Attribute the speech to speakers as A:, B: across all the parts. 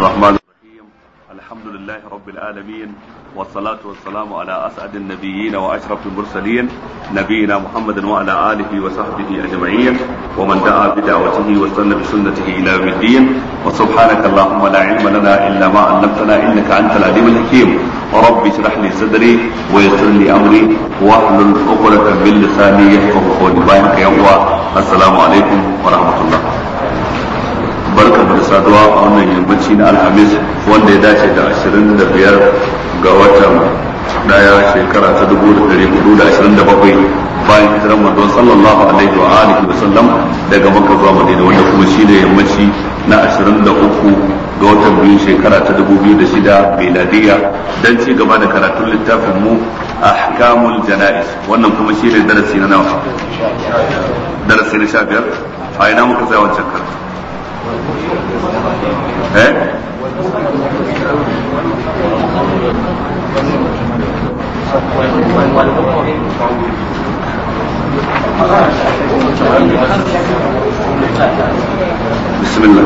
A: الرحمن الرحيم الحمد لله رب العالمين والصلاة والسلام على أسعد النبيين وأشرف المرسلين نبينا محمد وعلى آله وصحبه أجمعين ومن دعا بدعوته واستنى بسنته إلى يوم الدين وسبحانك اللهم لا علم لنا إلا ما علمتنا إنك أنت العليم الحكيم ورب اشرح لي صدري ويسر لي أمري واحلل عقدة من لساني يفقه قولي يا الله السلام عليكم ورحمة الله barka da saduwa a wannan yammaci na alhamis wanda ya dace da 25 ga watan daya shekara ta 1427 bayan hijiran manzon sallallahu alaihi wa alihi wa sallam daga makka zuwa madina wanda kuma shi ne yammaci na 23 ga watan biyu shekara ta 2006 miladiya dan ci gaba da karatun littafin mu ahkamul janais wannan kuma shi ne darasi na nawa darasi na 15 a ina muka tsaya wancan karatu ايه بسم الله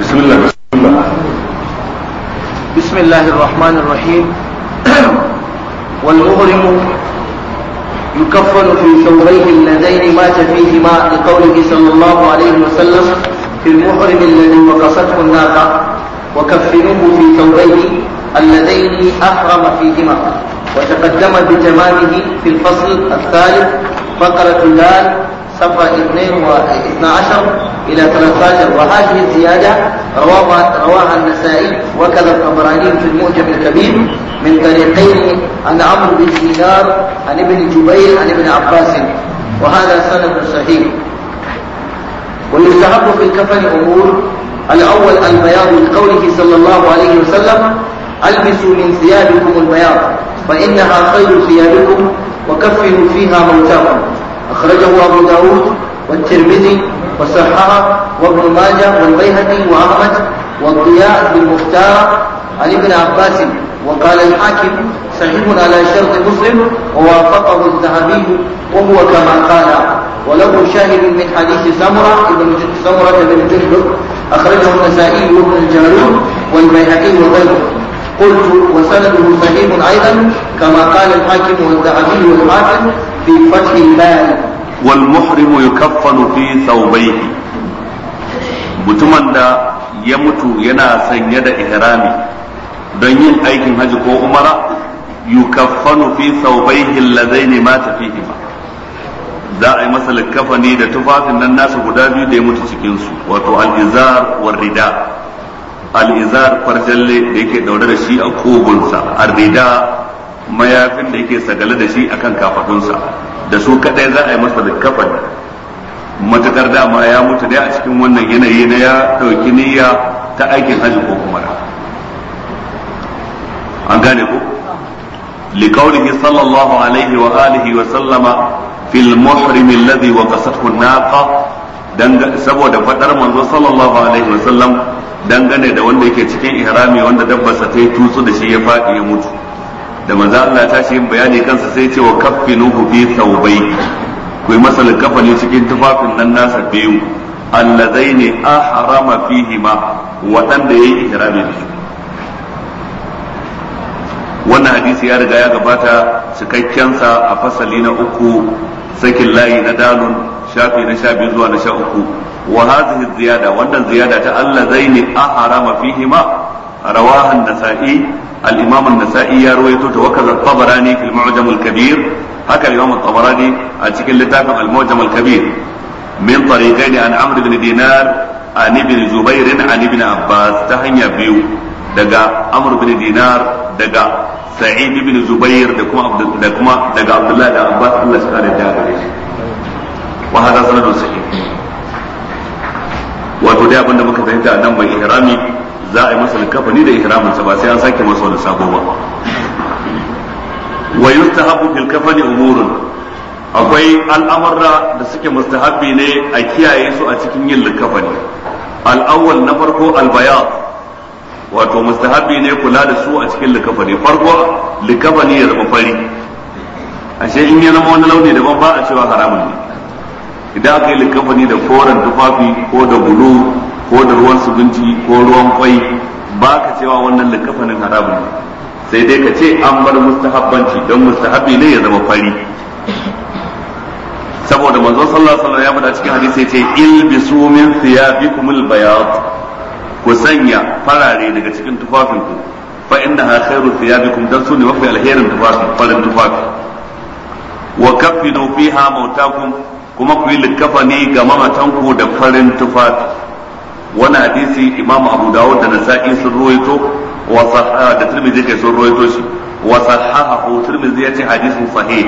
A: بسم الله بسم الله
B: بسم الله الرحمن الرحيم والمغرم يكفن في ثوبيه اللذين مات فيهما لقوله صلى الله عليه وسلم في المحرم الذي وقصته الناقة وكفنوه في ثوبيه اللذين أحرم فيهما وتقدم بتمامه في الفصل الثالث فقرة دال صفحة 12 إلى 13 وهذه الزيادة رواها, رواها النسائي وكذا الطبراني في المعجم الكبير من طريقين عن عمرو بن دينار عن ابن جبير عن ابن عباس وهذا سند صحيح ويستحب في الكفن أمور الأول البياض لقوله صلى الله عليه وسلم ألبسوا من ثيابكم البياض فإنها خير ثيابكم وكفنوا فيها موتاكم أخرجه أبو داود والترمذي وصححه وابن ماجه والبيهقي وأحمد والضياء بن مختار عن ابن عباس وقال الحاكم صحيح على شرط مسلم ووافقه الذهبي وهو كما قال وله شاهد من حديث سمرة ابن سمرة بن جندب أخرجه النسائي وابن الجارود والبيهقي وغيره قلت وسنده صحيح أيضا
A: كما قال الحاكم والذهبي والحاكم في فتح الباري والمحرم يكفن في ثوبيه mutumin da ya mutu yana sanye da ihrami don yin aikin Hajji ko umara yukaffanu fi thawbayhi alladaini mata fihi ma za a yi masa ne da tufafin nan nasu guda biyu da ya mutu cikinsu. wato al'izar izar war rida Al'izar farjalle da yake daure da shi a kogunsa a rida mayafin da yake sagale da shi akan kafadunsa da su kadai za a yi masa da kafan matakar dama ya mutu dai a cikin wannan yanayi na ya ɗauki niyya ta aikin hajji ko kuma an gane ku? alaihi wa alihi wa sallama fil وسلم في wa الذي وقصته naqa saboda fadar manzo sallallahu alaihi wasallam dangane da wanda yake cikin ihrami wanda dabbarsa ta yi tutsu da shi ya faɗi ya mutu da manzo Allah ta shi bayani kansa sai ce wa kaffinuhu fi thawbai ku yi masa kafani cikin tufafin nan nasa biyu allazaini ahrama fihima waɗanda yayi ihrami da su wannan hadisi ya riga ya gabata cikakkensa a fasali na uku sakin layi na dalun shafi na sha biyu zuwa na sha uku wa hadhihi ziyada wannan ziyada ta Allah zaini aharama fihima rawahan nasa'i al-imam an-nasa'i ya rawaito ta wakaza tabarani fil mu'jam al-kabir haka al-imam tabarani a cikin littafin al-mu'jam al-kabir min tariqain an amr ibn dinar an ibn zubair an ibn abbas ta hanya biyu daga amr bin dinar daga sa'id bin zubair da kuma da kuma daga abdullahi da abbas Allah ya kare da shi wa hada sanadun sahih wato dai abinda muka fahimta nan mai ihrami za a yi masa kafani da ihramin sa ba sai an sake masa wani sabo ba wa yustahabu fil kafani umurun akwai al'amarra da suke mustahabi ne a kiyaye su a cikin yin likafani al'awwal na farko al-bayad wato mustahabi ne kula da su a cikin likafani farko likafani ya zama fari ashe in ya zama wani launi daban ba a cewa haramun ne idan aka yi likafani da koren tufafi ko da bulu ko da ruwan subinci ko ruwan kwai ba ka cewa wannan likafanin haramun ne sai dai ka ce an bar mustahabbanci don mustahabi ne ya zama fari saboda manzon sallallahu alaihi wasallam ya faɗa cikin hadisi ya ce ilbisu min thiyabikumul bayat ku sanya farare daga cikin tufafinku fa ha khairu thiyabikum dan wa fi alherin tufafi farin tufafi wa kaffinu fiha mautakum kuma ku yi likafani ga mamatanku da farin tufafi wani hadisi imam abu dawud da nasa'i sun ruwaito wa da tirmidhi kai sun ruwaito shi wa ko tirmidhi yace hadisin sahih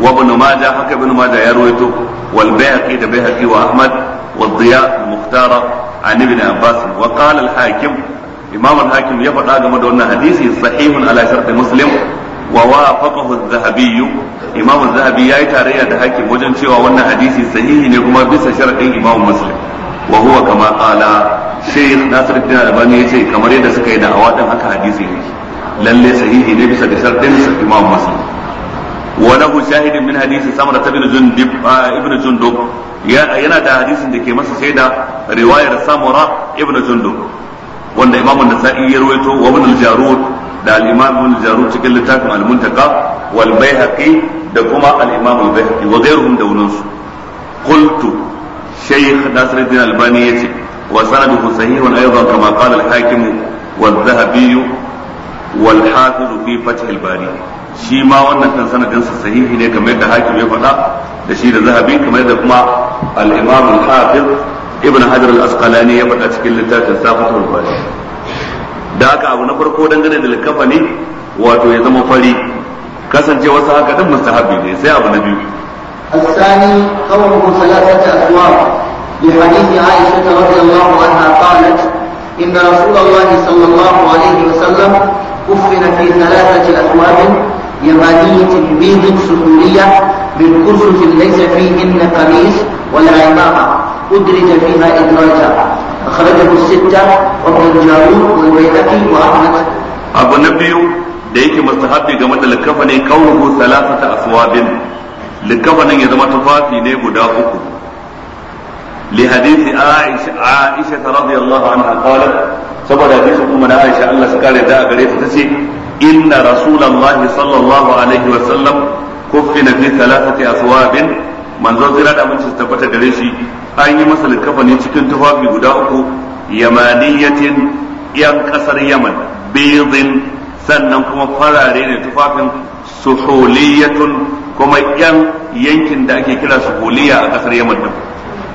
A: wa ibn majah haka ibn majah ya ruwaito wal bayhaqi da bayhaqi wa ahmad wa dhiya al-mukhtara an abbas wa qala hakim imam hakim ya faɗa game da wannan hadisi sahihun ala shartu muslim wa wafaqahu az-zahabi imam az-zahabi yayi tarayya da hakim wajen cewa wannan hadisi sahihi ne kuma bisa sharadin imam muslim wa huwa kama qala shaykh nasiruddin albani yace kamar yadda suka yi da'awa din haka hadisi ne lalle sahihi ne bisa imam muslim وله شاهد من حديث سمرة بن جندب ابن جندب yana da hadisin da ke masa shaida riwayar samura ibn jundub wanda imamu nasa'i ya ruwaito wa ibn al-jarud da al-imam ibn al-jarud cikin littafin al-muntaqa wal baihaqi da kuma al-imam al-baihaqi wa ghayruhum da wunansu qultu shaykh nasiruddin albani yace wa sanaduhu sahihun aidan kama qala al-hakim wa adh-dhahabi wal hafiz fi fath al-bari shi ma wannan kan sanadin sa sahihi ne kamar yadda hakim ya faɗa da shi da zahabi kamar yadda kuma al الحافظ ابن حجر ibn يا al ya cikin littafin safe bari da haka abu na farko dangane da likafani wato ya zama fari kasance wasu haka din mustahabi ne sai abu na biyu
B: الثاني قوله ثلاثة أثواب لحديث عائشة رضي الله عنها قالت إن رسول الله صلى الله عليه وسلم كفن في ثلاثة أثواب يمانية بيض سحورية بالكسف ليس فيهن قميص ولا عمامة أدرج فيها إدراجا أخرجه الستة وابن
A: الجارود والبيهقي وأحمد أبو نبي da yake mustahabi game da likafa ne kauruhu salasata aswabin likafa nan ya zama tufafi ne guda uku li hadisi aisha aisha radiyallahu anha qalat saboda hadisin umma na aisha Allah ya kare da gare ta tace إن رسول الله صلى الله عليه وسلم كفن في ثلاثة أثواب من زوجنا دا من تستبت دريشي أي مثل كفن يتكن تفافي قداؤه يمانية ينكسر يمن بيض sannan kuma farare ne tufafin suhuliyatun kuma yan yankin da ake kira suhuliya a kasar yaman din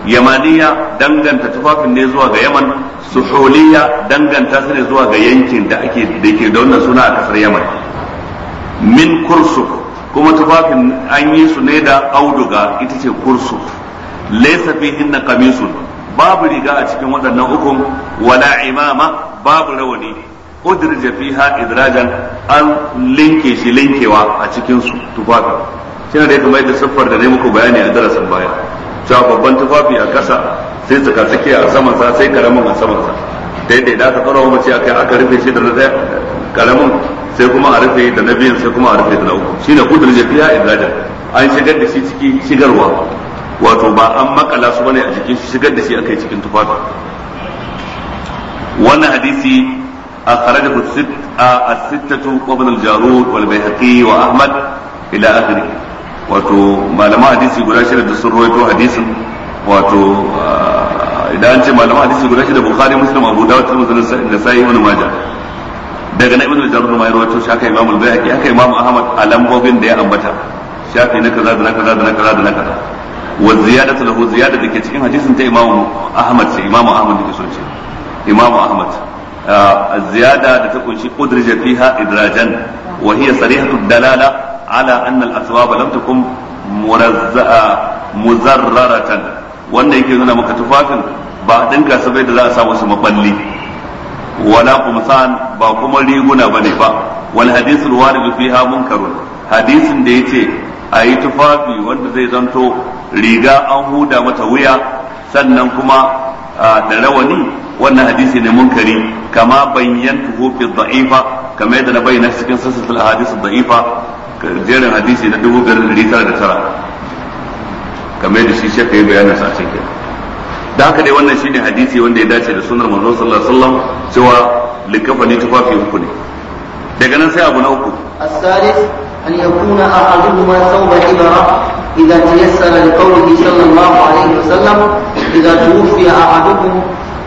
A: yamaniya danganta tufafin ne zuwa ga yaman suholiya danganta su ne zuwa ga yankin da ake da ke da wannan suna a kasar yaman min kursu kuma tufafin an yi su ne da auduga ita ce kursu laysa hinna kamisun babu riga a cikin waɗannan ukun wala imama babu rawani udrija fiha idrajan an linke shi linkewa a cikin su tufafin da kamar yadda siffar da ne muku bayani a darasin baya cewa babban tufafi a ƙasa sai suka tsakiya a saman sa sai karamin a saman sa da yadda idan aka tsara wa mace aka aka rufe shi da na ɗaya karamin sai kuma a rufe da na biyun sai kuma a rufe da na uku shine kudur fiya idrajar an shigar da shi ciki shigarwa wato ba an makala su bane a cikin shi shigar da shi akai cikin tufafi wannan hadisi a akhrajahu as-sittatu wa al-jarud wal bayhaqi wa ahmad ila akhirih wato malaman hadisi guda shida da sun rawaito hadisin wato ah, idan an ce malaman hadisi guda shida bukhari muslim abu dawud tirmidhi da sa'i ibn majah daga na ibn jarrur ma rawaito shi aka imam al-bayhaqi aka imam ahmad a lambobin da ya ambata shafi na kaza da na kaza da na kaza da na kaza wa ziyadatu lahu ziyada da cikin hadisin ta imam ahmad sai imam ahmad da ke so ce imam ahmad ah, ziyada da ta kunshi qudrija fiha idrajan wa hiya sarihatu dalala ala anna al-aswab lam takum murazza'a wanda yake nuna maka tufafin ba dinka su bai da za a sa su maballi wala kumsan ba kuma riguna bane ba wal hadithul warid fiha munkarun hadisin da yace ayi tufafi wanda zai zanto riga an huda mata wuya sannan kuma da rawani wannan hadisi ne munkari kama bayyantuhu fi dha'ifa Kama yadda na bayyana cikin sassatul ahadith dha'ifa jerin hadisi na dubu biyar da tara da tara kamar yadda shi shekka ya bayanin sa a cikin da haka dai wannan shine hadisi wanda ya dace da sunar manzo sallallahu alaihi wasallam cewa likafani tufafi uku ne daga nan sai abu na uku
B: الثالث أن يكون أحدهما ثوب إبرة ibara idan tayassara صلى sallallahu alaihi wasallam إذا tufiya أحدكم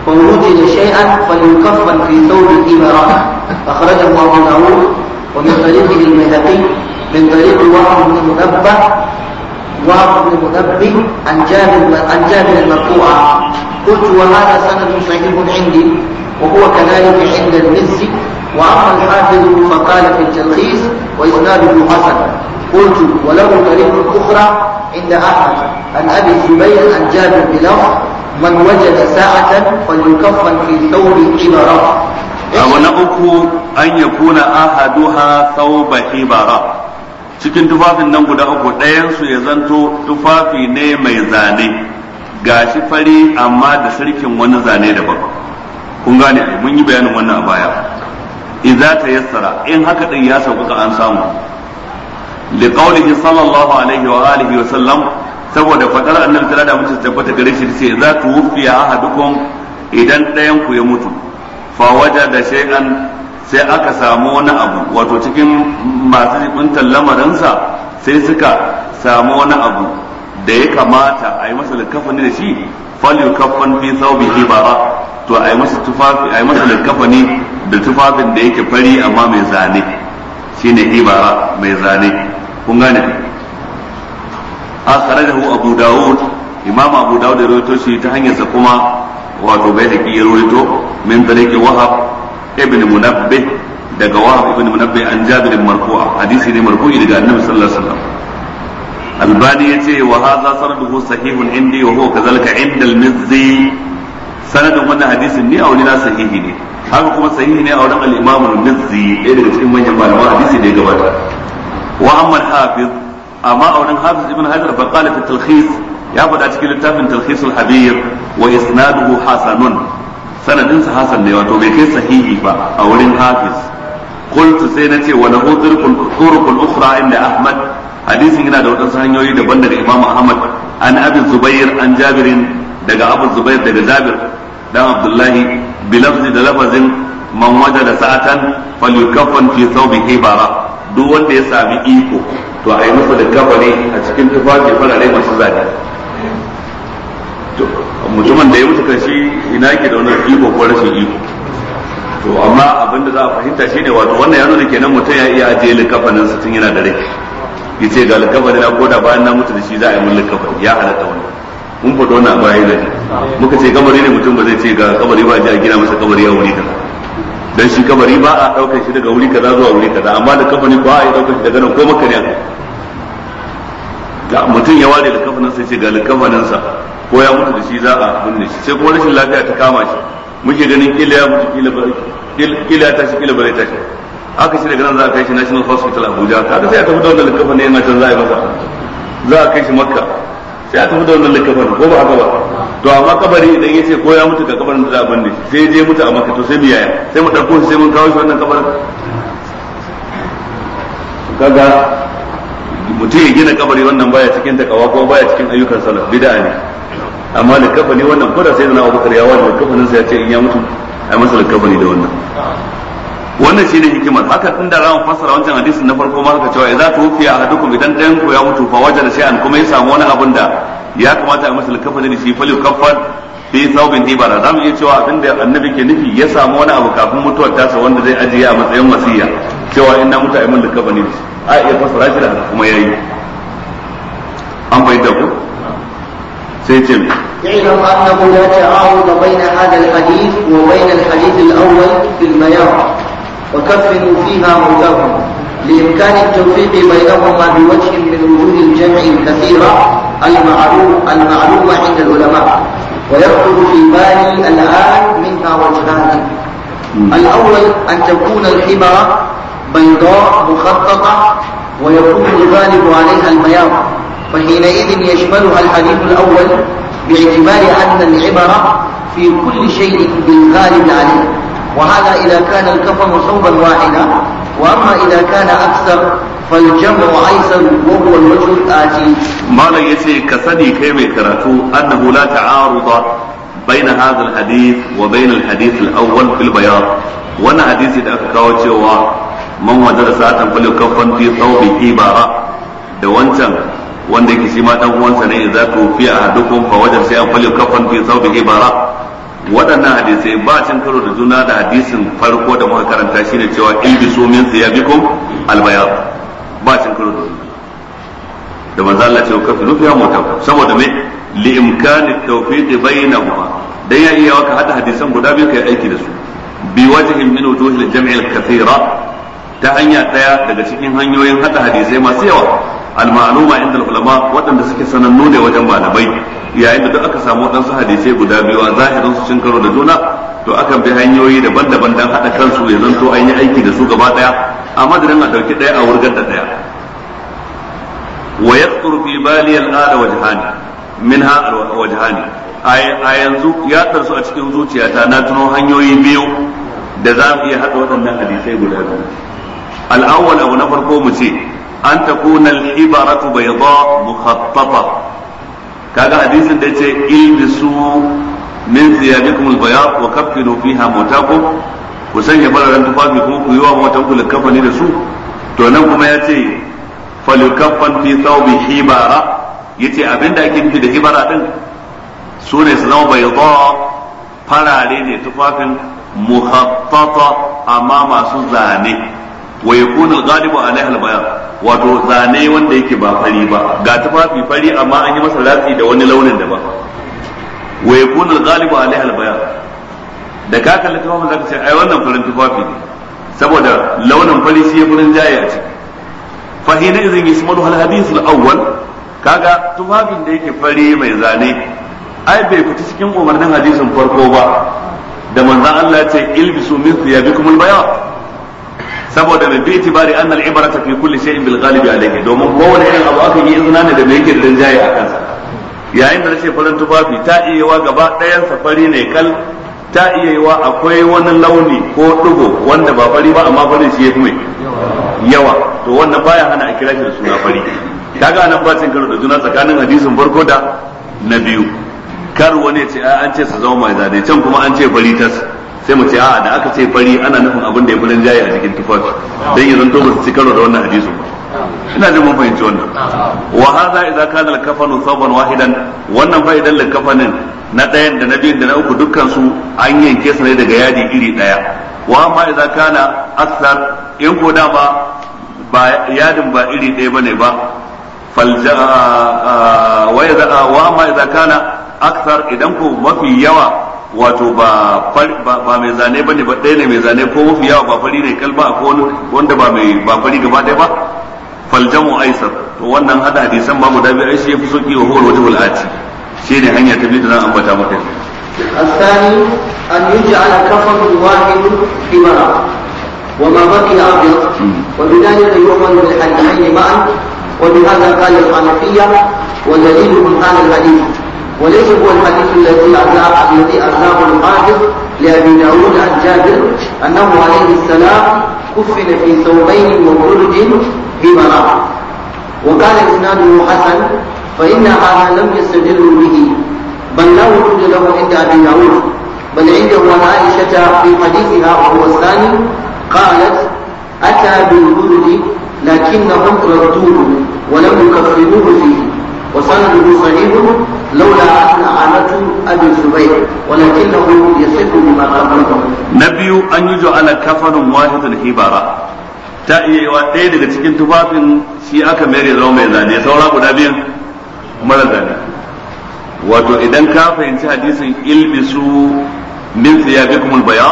B: فوجد شيئا فليكفن في ثوب الإبرة أخرجه أبو داود ومن طريقه المهدي من طريق وهب بن منبه وهب بن منبه عن جابر عن جابر المرفوعة قلت وهذا سند صحيح عندي وهو كذلك عند المزي وأما الحافظ فقال في التلخيص واسناد ابن حسن قلت وله طريق أخرى عند أحمد عن أبي الزبير عن جابر بلفظ من وجد ساعة فليكفن في ثوب حبرة
A: أو نأكو أن يكون أحدها ثوب حبرة cikin tufafin nan guda uku ɗayansu ya zanto tufafi ne mai zane gashi fari amma da sarkin wani zane daban kun gane mun yi bayanin wannan a baya idza tayassara in haka din ya sauƙaƙa an samu li qawlihi sallallahu alaihi wa alihi wa sallam saboda fadar annabi tana da mutum tabbata gare shi sai idza tuwfiya ahadukum idan ɗayan ku ya mutu fa wajada shay'an sai aka samu wani abu wato cikin masu jibintan lamarinsa sai suka samu wani abu da ya kamata a yi masa likafani da shi falyu kafan fi bi ba to a yi masa tufafi a yi masa likafani da tufafin da yake fari amma mai zane shine ibara mai zane kun gane akhrajahu abu Dawud, imam abu Dawud ya rawaito shi ta hanyar sa kuma wato bai da ya rawaito min ke wahab ibn munabbih daga wa ibn munabbih an jabir marfu'a hadisi ne marfu'i daga annabi sallallahu alaihi wasallam albani yace wa hadha sanaduhu sahihun indi wa huwa kadhalika inda al-mizzi sanadin wannan ni a wani na sahihi ne haka kuma sahihi ne a wurin al-imam al-mizzi daga cikin manyan malaman hadisi da ya gabata wa amma al-hafiz amma a wurin hafiz ibn hajar fa qala ya faɗa cikin littafin talkhisul habir wa isnaduhu sanadin sa hasan ne wato bai kai sahihi ba a wurin hafiz qultu sai nace wa lahu turuqul ukhra inda ahmad hadisin yana da wadansu hanyoyi daban daga imam ahmad an abi zubair an jabirin daga abu zubair daga jabir dan abdullahi bilafzi da lafazin man wajada sa'atan falyukaffan fi thawbihi bara duk wanda ya sami iko to a yi masa da kafare a cikin tufafi farare masu zane mutumin da ya mutu kan shi ina yake da wani iko ko rashin iko to amma abin da za a fahimta shine wato wannan ya nuna kenan mutum ya iya ajiye likafanin sa tun yana da rai ya ce ga likafanin na koda bayan na mutu da shi za a yi mun likafan ya halatta wani mun faɗo na baya da ni
C: muka ce kabari ne
A: mutum ba zai ce ga kabari ba a gina masa kabari a wuri kaza dan shi kabari ba a daukar shi daga wuri kaza zuwa wuri kaza amma da kafani ba a yi daukar shi daga nan ko makariya mutum ya ware likafanin ya ce ga likafanin sa ko ya mutu da shi za a binne shi sai kuma rashin lafiya ta kama shi muke ganin kila ya mutu kila ba kila ta shi kila ba zai tashi aka shi daga nan za a kai shi National Hospital Abuja kaga sai a tafi da wannan likafa ne yana can za a yi masa za a kai shi Makka sai a tafi da wannan likafa ko ba haka ba to amma kabari idan yace ko ya mutu ga kabarin da za a binne shi sai je mutu a Makka to sai mu yaya sai mu dauko shi sai mun kawo shi wannan kabarin kaga mutum ya gina kabari wannan baya cikin takawa ko baya cikin ayyukan salat bid'a ne amma da kafa ne wannan koda sai zana abubakar ya wani kafanin sai ya ce in ya mutu a masa da kafa ne da wannan wannan shine hikimar haka tun da ran fassara wancan hadisin na farko ma haka cewa idza a ahadukum idan ɗayan ku ya mutu fa wajen sai an kuma ya samu wani abin da ya kamata a masa da kafa ne shi fal yukaffar fi thawbin Za zamu iya cewa abin da annabi ke nufi ya samu wani abu kafin mutuwar tasa wanda zai ajiye a matsayin wasiya cewa in na mutu a yi min da kafa ne a iya fassara shi da kuma yi. an bai ku sai ce
B: اعلم أنه لا تعارض بين هذا الحديث وبين الحديث الأول في الميار وكفنوا فيها موتاهم لإمكان التوفيق بينهما بوجه من وجوه الجمع الكثيرة المعلوم المعلومة عند العلماء ويخرج في بالي الآن منها وجهان الأول أن تكون الحبر بيضاء مخططة ويكون الغالب عليها المياه فحينئذ يشملها الحديث الأول باعتبار أن العبرة في كل شيء بالغالب عليه وهذا إذا كان الكفن صوبا واحدا وأما إذا كان أكثر فالجمع أيسر وهو الوجه الآتي
A: ما يتي كثني كيمي كراتو أنه لا تعارض بين هذا الحديث وبين الحديث الأول في البياض وانا حديثي da aka kawo cewa man wajara sa'atan fal yukaffan fi thawbi ibara da wancan wanda yake shi ma dan uwansa ne idza tufiya ahadukum fa wajen sai an falu kafan fi thawbihi ibara. waɗannan hadisai ba cin karo da juna da hadisin farko da muka karanta shine cewa ilbisu min thiyabikum albayad ba cin karo da da manzo Allah ce ka fi fiya mota saboda me li imkani tawfiq bainahuma dan ya iya waka hada hadisan guda biyu kai aiki da su bi wajhin min wujuhil jam'il kathira ta hanya daya daga cikin hanyoyin hada hadisai masu yawa al-ma'luma inda ulama waɗanda suke sanannu ne wajen malamai yayin da duk aka samu waɗansu hadisai guda biyu a zahirin su cin karo da juna to aka bi hanyoyi daban-daban dan haɗa kansu ya zanto an yi aiki da su gaba ɗaya a madadin a ɗauki ɗaya a wurgar da ɗaya wa yaqtur fi bali al-ada wajhani minha wajhani a yanzu ya su a cikin zuciyata na tuno hanyoyi biyu da za mu iya haɗa waɗannan hadisai guda biyu al'awwala na farko mu ce an takuna al-ibaratu bayda mukhattata kaga hadisin da yace ilbisu min thiyabikum al wa kaffinu fiha mutakum ku sanya fararen tufafi kuma ku yi wa matan ku likafani da su to nan kuma yace falukaffan fi thawbi hibara yace abinda ake nufi da hibara din su su zama bayda farare ne tufafin mukhattata amma masu zane wa yakunu al-ghalibu alaiha wato zane wanda yake ba fari ba ga tufafi fari amma an yi masa latsi da wani launin da ba wa yakunu al-ghalibu alaiha al-bayan da ka kalli tufafin zaka ce ai wannan farin tufafi ne saboda launin fari shi ya farin jaye ce fa hina idzin yashmalu al-hadith al-awwal kaga tufafin da yake fari mai zane ai bai fita cikin umarnin hadisin farko ba da manzon Allah ya ce ilbisu min thiyabikum al-bayan saboda mai biyu tibari an al'ibara ta fi kulle shay'in bil ghalibi domin kowane irin abu aka yi izina ne da mai yake rinjaye a kansa yayin da rashin farin tufafi ta iya yiwa gaba ɗayan safari ne kal ta iya yiwa akwai wani launi ko ɗugo wanda ba fari ba amma farin shi ya fi mai yawa to wannan baya hana a kira shi da suna fari kaga anan ba cin karo da juna tsakanin hadisin farko da na biyu kar wani ya ce an ce su zama mai zane can kuma an ce fari tas sai mu ce a'a da aka ce fari ana nufin abin da ya fi jaye a cikin tufafi dan yanzu to ba su ci karo da wannan hadisu. ina jin mun fahimci wannan wa hadha idza kana al-kafanu sabon wahidan wannan fa idan lakafanin na ɗayan da na biyun da na uku dukkan su an yanke su ne daga yadi iri ɗaya wa amma idza kana aksar in ko da ba ba yadin ba iri ɗaya bane ba falja wa idza wa amma idza kana aksar idan ko mafi yawa wato ba ba mai zane bane ba ɗaya ne mai zane ko mafi yawa ba fari ne kalba ko wanda ba mai ba fari gaba ɗaya ba faljamu aisar to wannan hada hadisan ba mu biyu ai shi yafi soki wa huwal wajhul ati ne hanya ta biyu da zan ambata maka
B: الثاني أن يجعل كفن واحد حمارا وما بقي أبيض وبذلك يؤمن بالحديثين معا وبهذا قال الحنفية ودليلهم هذا الحديث وليس هو الحديث الذي أرزاق الذي أرزاق الحافظ لأبي داود عن جابر أنه عليه السلام كفن في ثوبين وبرد بمرأة وقال إسناده حسن فإن هذا لم يستدل به بل لا وجود له عند أبي داود بل عنده عائشة في حديثها وهو الثاني قالت أتى بالبرد لكنهم ردوه ولم يكفروه فيه وسنده صحيح لولا أن عامة أبي الزبير ولكنه يصح بما قبله
A: نبي أن يجعل كفن واحد هبارا ta iya yi wa ɗaya daga cikin tufafin shi aka mere zama mai zane saura guda biyan mara zane wato idan ka fahimci hadisin ilbisu min bi kuma baya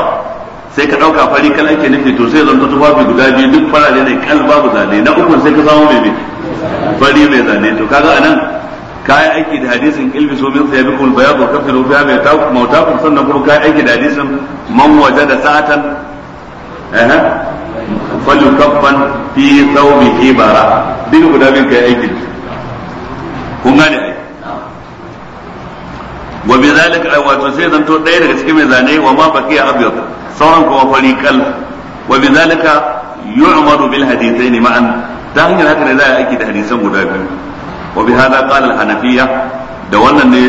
A: sai ka ɗauka fari kan ake nufi to sai zanta tufafi guda biyu duk fara ne kal babu zane na uku sai ka samu mai fari mai zane to kaga anan kayan aiki da hadisin ilmi so min sayabi sayabikum albayad wa kafiru biha bi mautakum sannan kuma kayan aiki da hadisin man wajada sa'atan eh falyukaffan fi thawbihi bara din guda bin kayan aiki kun gane ai wa bi zalika aw wato sai to dai daga cikin mai zane wa ma baqiya abyad sauran kuma fari kal wa bi zalika yu'maru bil hadithaini ma'an ta hanyar haka ne za a yi aiki da hadisan guda biyu wa bi hada qala al da wannan ne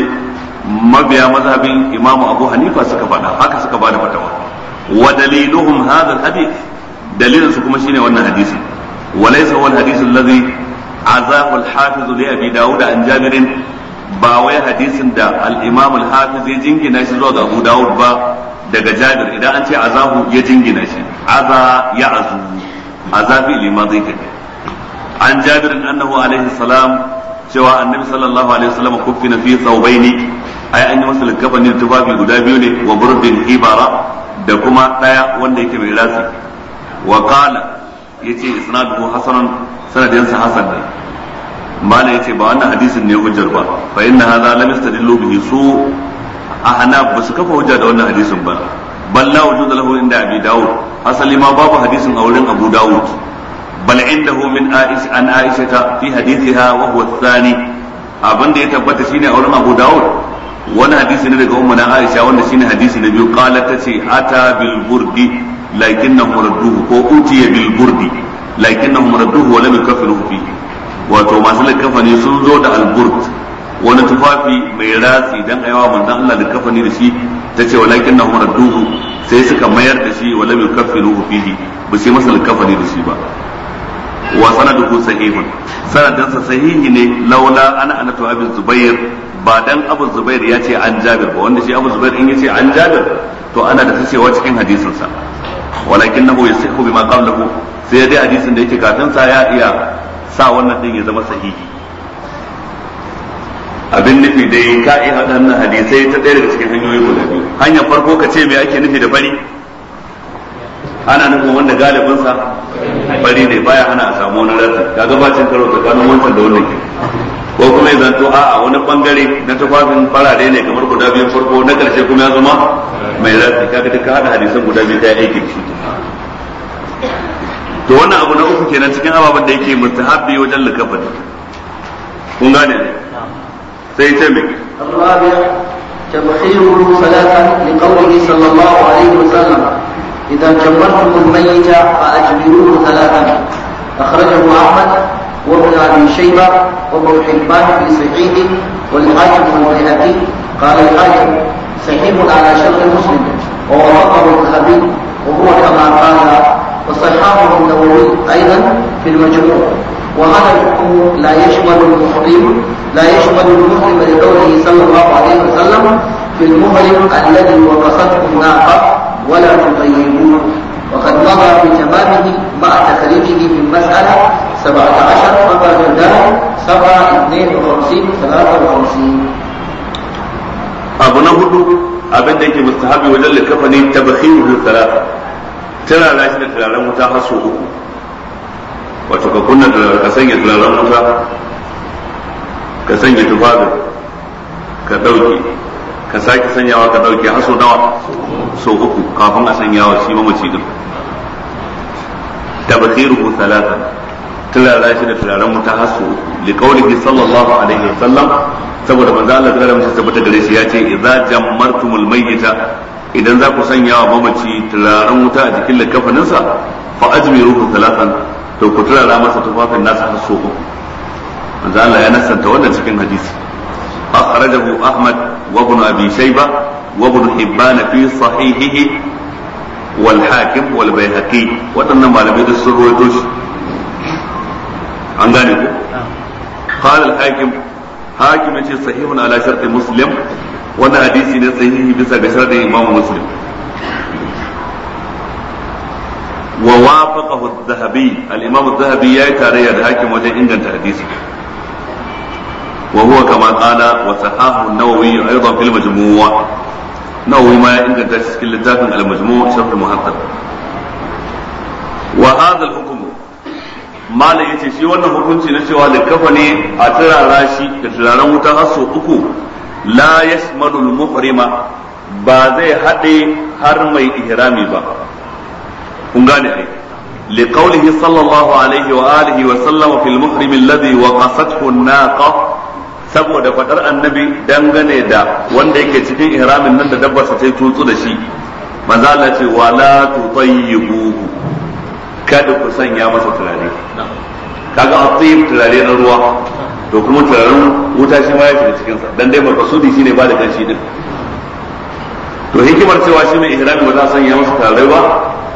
A: mabiya mazhabin imamu abu hanifa suka faɗa haka suka bada fatawa wa daliluhum hadha al-hadith dalilin su kuma shine wannan hadisi wa laysa huwa al-hadith alladhi azahu al-hafiz li abi daud an jabirin ba wai hadisin da al-imam al-hafiz ya jingina shi zuwa ga abu daud ba daga jabir idan an ce azahu ya jingina shi aza ya azu azabi limadhi kadai an jabirin annahu alaihi salam cewa annabi sallallahu alaihi wasallam kuffina fi thawbaini ai an yi masa likafani da tufafi guda biyu ne wa burdin ibara da kuma daya wanda yake mai ratsi wa qala yace isnaduhu hasanun sanadinsa hasan ne mala yace ba wannan hadisin ne hujjar ba fa inna hadha lam yastadillu bihi su ahna ba su kafa hujja da wannan hadisin ba balla wujud lahu inda abi daud asali ma babu hadisin a wurin abu daud bal indahu humin aisha an aisha ta fi hadithiha wa huwa thani abin da ya tabbata shine a wurin Abu Dawud wani hadisi ne daga ummu na Aisha wanda shine hadisi na biyu kala tace ata bil burdi lakinnahu ko wato masu likafani sun zo da al wani tufafi mai ratsi dan aiwa manzon Allah likafani da shi tace walakinnahu duhu sai suka mayar da shi wa lam yukaffiruhu fihi ba sai masa likafani da shi ba wa sanaduhu sahihun sanadinsa sahihi ne laula ana anatu abin zubair ba dan abu zubair ya ce an jabir ba wanda shi abu zubair in ya ce an jabir to ana da tacewa cikin hadisinsa walakin nahu yasihu bima qablahu sai dai hadisin da yake kafin sa ya iya sa wannan din ya zama sahihi abin nufi dai ka iya waɗannan hadisai ta ɗaya daga cikin hanyoyi guda biyu hanyar farko ka ce me ake nufi da fari ana nufin wanda galibinsa fari ne baya hana a samu wani rasi kaga ba cin karo tsakanin wancan da wannan kin ko kuma ya zanto a wani bangare na tafafin farare ne kamar guda biyu farko na karshe kuma ya zama mai rasi kaga duka hada hadisan guda biyu ta aiki shi to wannan abu na uku kenan cikin ababen da yake mustahabbi wajen likafin kun gane ne sai ce mai
B: الرابع تبخيره صلاة لقوله صلى sallallahu alaihi wasallam
C: إذا جمعتم الميت فأجبروه ثلاثا أخرجه أحمد
B: وابن أبي شيبة وابن حبان في صحيحه والحاكم والبيهقي قال الحاكم صحيح على شرط مسلم ووافقه الذهبي وهو كما قال وصححه النووي أيضا في المجموع وهذا الحكم لا يشمل المحرم لا يشمل المحرم لقوله صلى الله عليه وسلم في المحرم الذي وقصته الناقه ولا تطيبوه وقد مضى بتمامه مع تخريجه من مسألة 17
A: فما جدار 7 52 53 abu na hudu abin da yake mustahabi wajen likafa ne tabakhiru talata tana na shi da turaren wuta har sau uku wato ka kunna da ka sanya turaren wuta ka sanya tufafin ka ɗauke ka sake sanyawa ka dauke haso nawa so uku kafin a sanyawa shi mamaci din tabakhiru thalatha tilara shi da turaren wuta haso li bi sallallahu alaihi wasallam saboda manzo Allah ta rama bata gare shi ya ce idza jammartumul mayyita idan za ku sanyawa mamaci turaren wuta a jikin likafaninsa fa ajmiru thalathan to ku turara masa tufafin nasa haso uku manzo Allah ya nasanta wannan cikin hadisi أخرجه أحمد وابن أبي شيبة وابن حبان في صحيحه والحاكم والبيهقي وأنما لم يدس الرويتوش عن ذلك قال الحاكم حاكم يجي صحيح على شرط مسلم وانا حديثي صحيح بس بشرط إمام مسلم ووافقه الذهبي الإمام الذهبي يا تاريخ الحاكم وجه إنجن حديثه وهو كما قال وصححه النووي ايضا في المجموع نووي ما انت كل من المجموع شرح المحقق وهذا الحكم ما لا يتي شي wannan hukunci na cewa da kafani a turara shi da turaran wuta har sau uku la yasmadu al-muhrima ba zai hade har mai ihrami ba kun gane ai sallallahu alaihi wa alihi wa sallam fil muhrim alladhi waqasathu an-naqah saboda fadar annabi dangane da wanda yake cikin ihramin nan da dabbarsa ta tutsu da shi manzo Allah ce wala tutayyibu kada ku sanya masa turare kaga atayyib turare na ruwa to kuma turaren wuta shi ma ya cikin sa dan dai makasudi shine ba da kanshi din to hikimar cewa shi mai ihrami ba za a sanya masa turare ba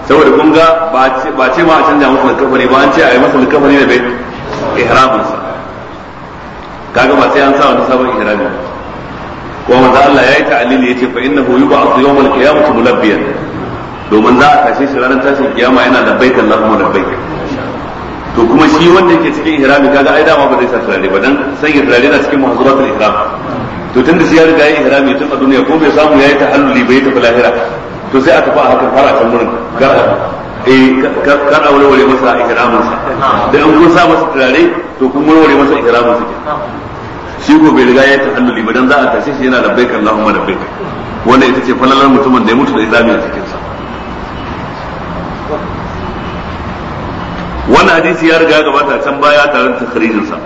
A: saboda kun ga ba ce ma a canja masa likafani ba an ce a yi masa likafani da bai ihramin sa kaga ba sai an sa wani sabon ihrami ko manzo Allah yayi ta'lili yace fa innahu yub'athu yawmal qiyamati mulabbiyan domin za a tashe shi ranar tashin kiyama yana da baikan lahmu da baikan to kuma shi wanda yake cikin ihrami kaga ai dama ba zai sa turare ba dan sanya turare na cikin mahzuratul ihram to tunda sai ya riga ya ihrami tun a duniya ko bai samu yayi tahalluli bai tafi lahira to sai aka fa a hakan har a can gurin eh kar a warware masa ikramin sa dan an kun sa masa turare to kun warware masa ikramin ke. shi ko bai riga ya tahalluli ba dan za a tashi shi yana labbaik Allahumma labbaik wanda ita ce falalar mutumin da ya mutu da izami a cikin sa wannan hadisi ya riga gabata can baya tare da takhrijin sa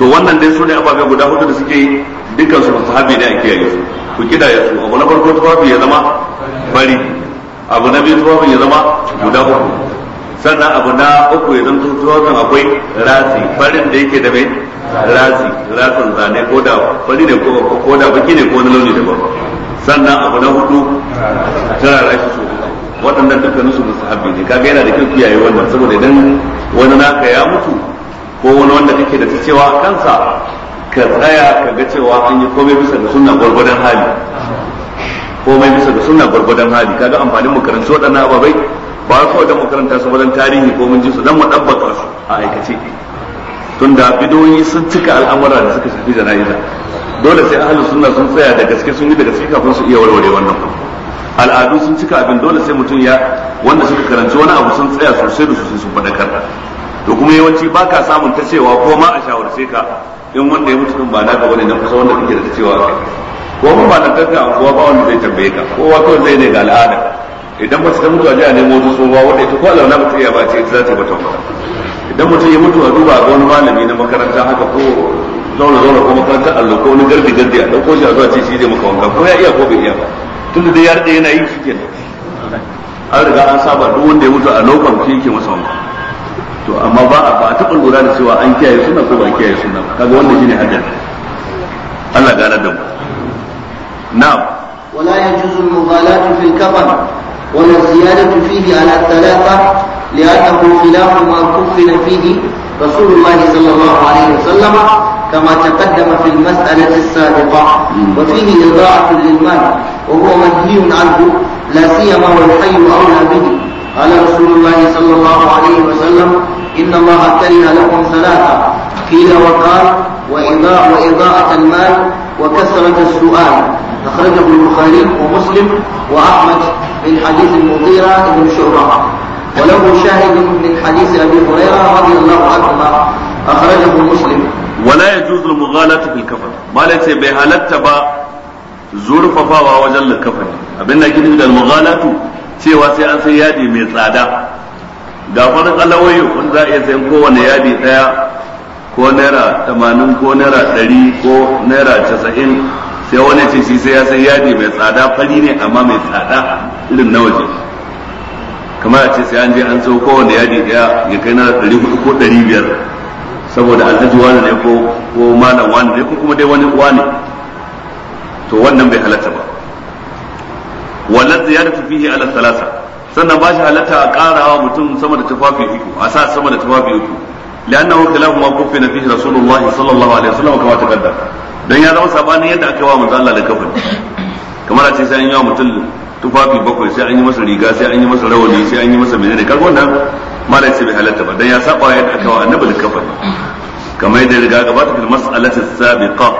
A: to wannan dai su ne ababe guda hudu da suke dukkan su sahabi ne ake yi su ku kida ya su abu na farko tufafi ya zama bari abu na biyu tufafin ya zama guda uku sannan abu na uku ya zama tufafin akwai razi farin da yake da mai razi razin zane ko da fari ne ko da baki ne ko wani launi ba. sannan abu na hudu tara rashi su waɗannan dukkanin su musahabi ne kaga yana da kyau kiyaye wannan saboda idan wani naka ya mutu ko wani wanda kake da ta cewa kansa ka tsaya ka ga cewa an yi komai bisa da sunna gwargwadon hali komai bisa ga suna gwargwadon hali kaga amfanin mu karanci waɗannan ababai ba su da mu karanta su wajen tarihi ko mun ji su dan mu dabbaka su a aikace tunda bidoyi sun cika al'amura da suka shafi jana'iza dole sai ahlus sunna sun tsaya da gaske sun yi da gaske kafin su iya warware wannan al'adu sun cika abin dole sai mutum ya wanda suka karanci wani abu sun tsaya sosai da sosai sun faɗakar to kuma yawanci ba ka samun ta cewa ko ma a shawarce ka in wanda ya mutu ba ba ga wani na kusa wanda kake da cewa ko mun ba nan kanka anguwa ba wanda zai tambaye ka kowa kawai zai ne ga al'ada idan mace ta mutu a ji a nemo wata tsohuwa wanda ita ko alauna na mutu ya ba ce za ta yi idan mutum ya mutu a duba ga wani malami na makaranta haka ko zauna zauna ko makaranta allo ko wani garbi garbi a ɗauko shi a zuwa ce shi zai maka wanka ko ya iya ko bai iya ba tunda dai ya rade yana yi shi ke an riga an saba duk wanda ya mutu a lokacin shi yake masa wanka to amma ba a ba a taɓa lura da cewa an kiyaye suna ko ba kiyaye suna kaga wannan shine haddar Allah gane da mu
B: نعم ولا يجوز المغالاة في الكفن ولا الزيادة فيه على الثلاثة لأنه خلاف ما كفن فيه رسول الله صلى الله عليه وسلم كما تقدم في المسألة السابقة وفيه إضاعة للمال وهو منهي عنه لا سيما والحي أولى به قال رسول الله صلى الله عليه وسلم إن الله كره لكم ثلاثة قيل وقال وإضاعة وإضاءة المال وكثرة السؤال أخرجه البخاري ومسلم وأحمد من حديث المغيرة بن شعبة وله شاهد من حديث أبي هريرة رضي الله عنه
A: أخرجه مسلم ولا يجوز في الكفر ما ليس بهالتة با زرفة وجل الكفر أبنا كنت المغالطة cewa sai an sai yadi mai tsada ga farin alawayo kun za a iya sayan kowane yadi daya ko naira 80 ko naira 100 ko naira sai wani ce shi sai ya sai yadi mai tsada fari ne amma mai tsada irin na waje kamar a ce sai an je an sau kowane yadi daya ya kai na ɗari hudu ko ɗari biyar saboda zaji wani ne ko ko malam wani ne ko kuma dai wani wani to wannan bai halatta ba wallan ziyaratu fihi ala salasa sannan ba shi halatta a karawa mutum sama da tufafi uku a sa sama da tufafi uku لأنه wa ما ma فيه رسول الله صلى الله عليه وسلم كما تقدم don ya zama sabanin yadda aka wa manzo Allah da kafin kamar a ce sai an yi wa mutum tufafi bakwai sai an yi masa riga sai an yi masa rawani sai an yi masa menene kaga nan malai ce bai halatta ba don ya saba yadda aka wa annabi da kafin kamar yadda riga gabata fil mas'alati sabiqa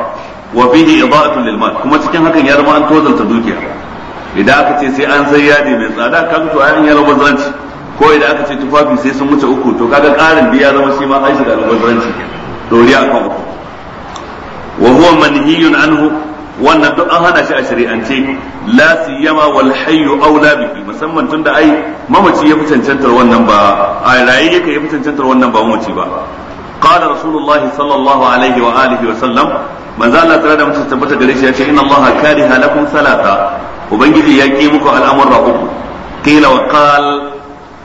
A: wa fihi ida'atu lil mal kuma cikin hakan ya zama an tozalta dukiya idan aka ce sai an sai yadi mai tsada kan to ai an yi zanci ko idan aka ce tufafi sai sun wuce uku to kaga karin biya zama shi ma an shiga almubazzaranci doriya kan uku wa huwa manhiyun anhu wannan duk an hana shi a shari'ance la siyama wal hayyu aula bihi musamman tunda ai mamaci ya fi cancantar wannan ba a raye yake ya fi cancantar wannan ba mamaci ba qala rasulullahi sallallahu alaihi wa alihi wa sallam manzo Allah tare da mutum tabbata gare shi yace inna Allah kariha lakum salata ubangiji ya ki muku al'amurra uku qila wa qal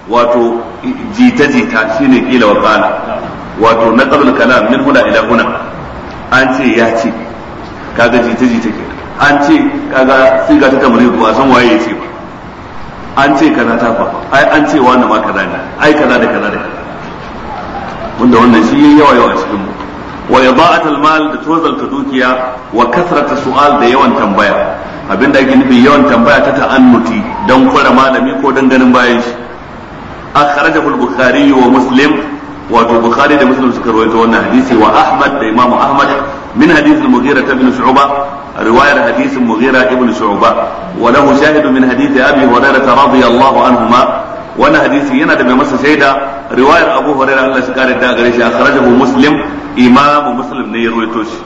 A: wato jita shine wato kalam min huna an ce ya ce kaga jita jita ke an ce kaga ga siga ta kamar yadda ba san waye ya ce ba an ce kaza ta fa ai an ce wani ma kaza ne ai kaza da kaza da kaza wanda wannan shi yayi yawa yawa cikin mu wa yaba'at almal da tozalta dukiya wa kasrata su'al da yawan tambaya abinda ake nufi yawan tambaya ta ta'annuti don kura malami ko dan ganin bayan shi akhrajahu al-bukhari wa muslim wato bukhari da muslim suka rawaito wannan hadisi wa ahmad da imamu ahmad min hadisi mughira ibn shu'ba riwayar hadisin mughira ibn shu'ba wa lahu shahidu min hadisi abi hurairah radiyallahu anhuma wannan hadisi yana da mai masa shaida riwayar abu hurairah Allah shi kare da gare shi akhrajahu muslim imamu muslim ne ya rawaito shi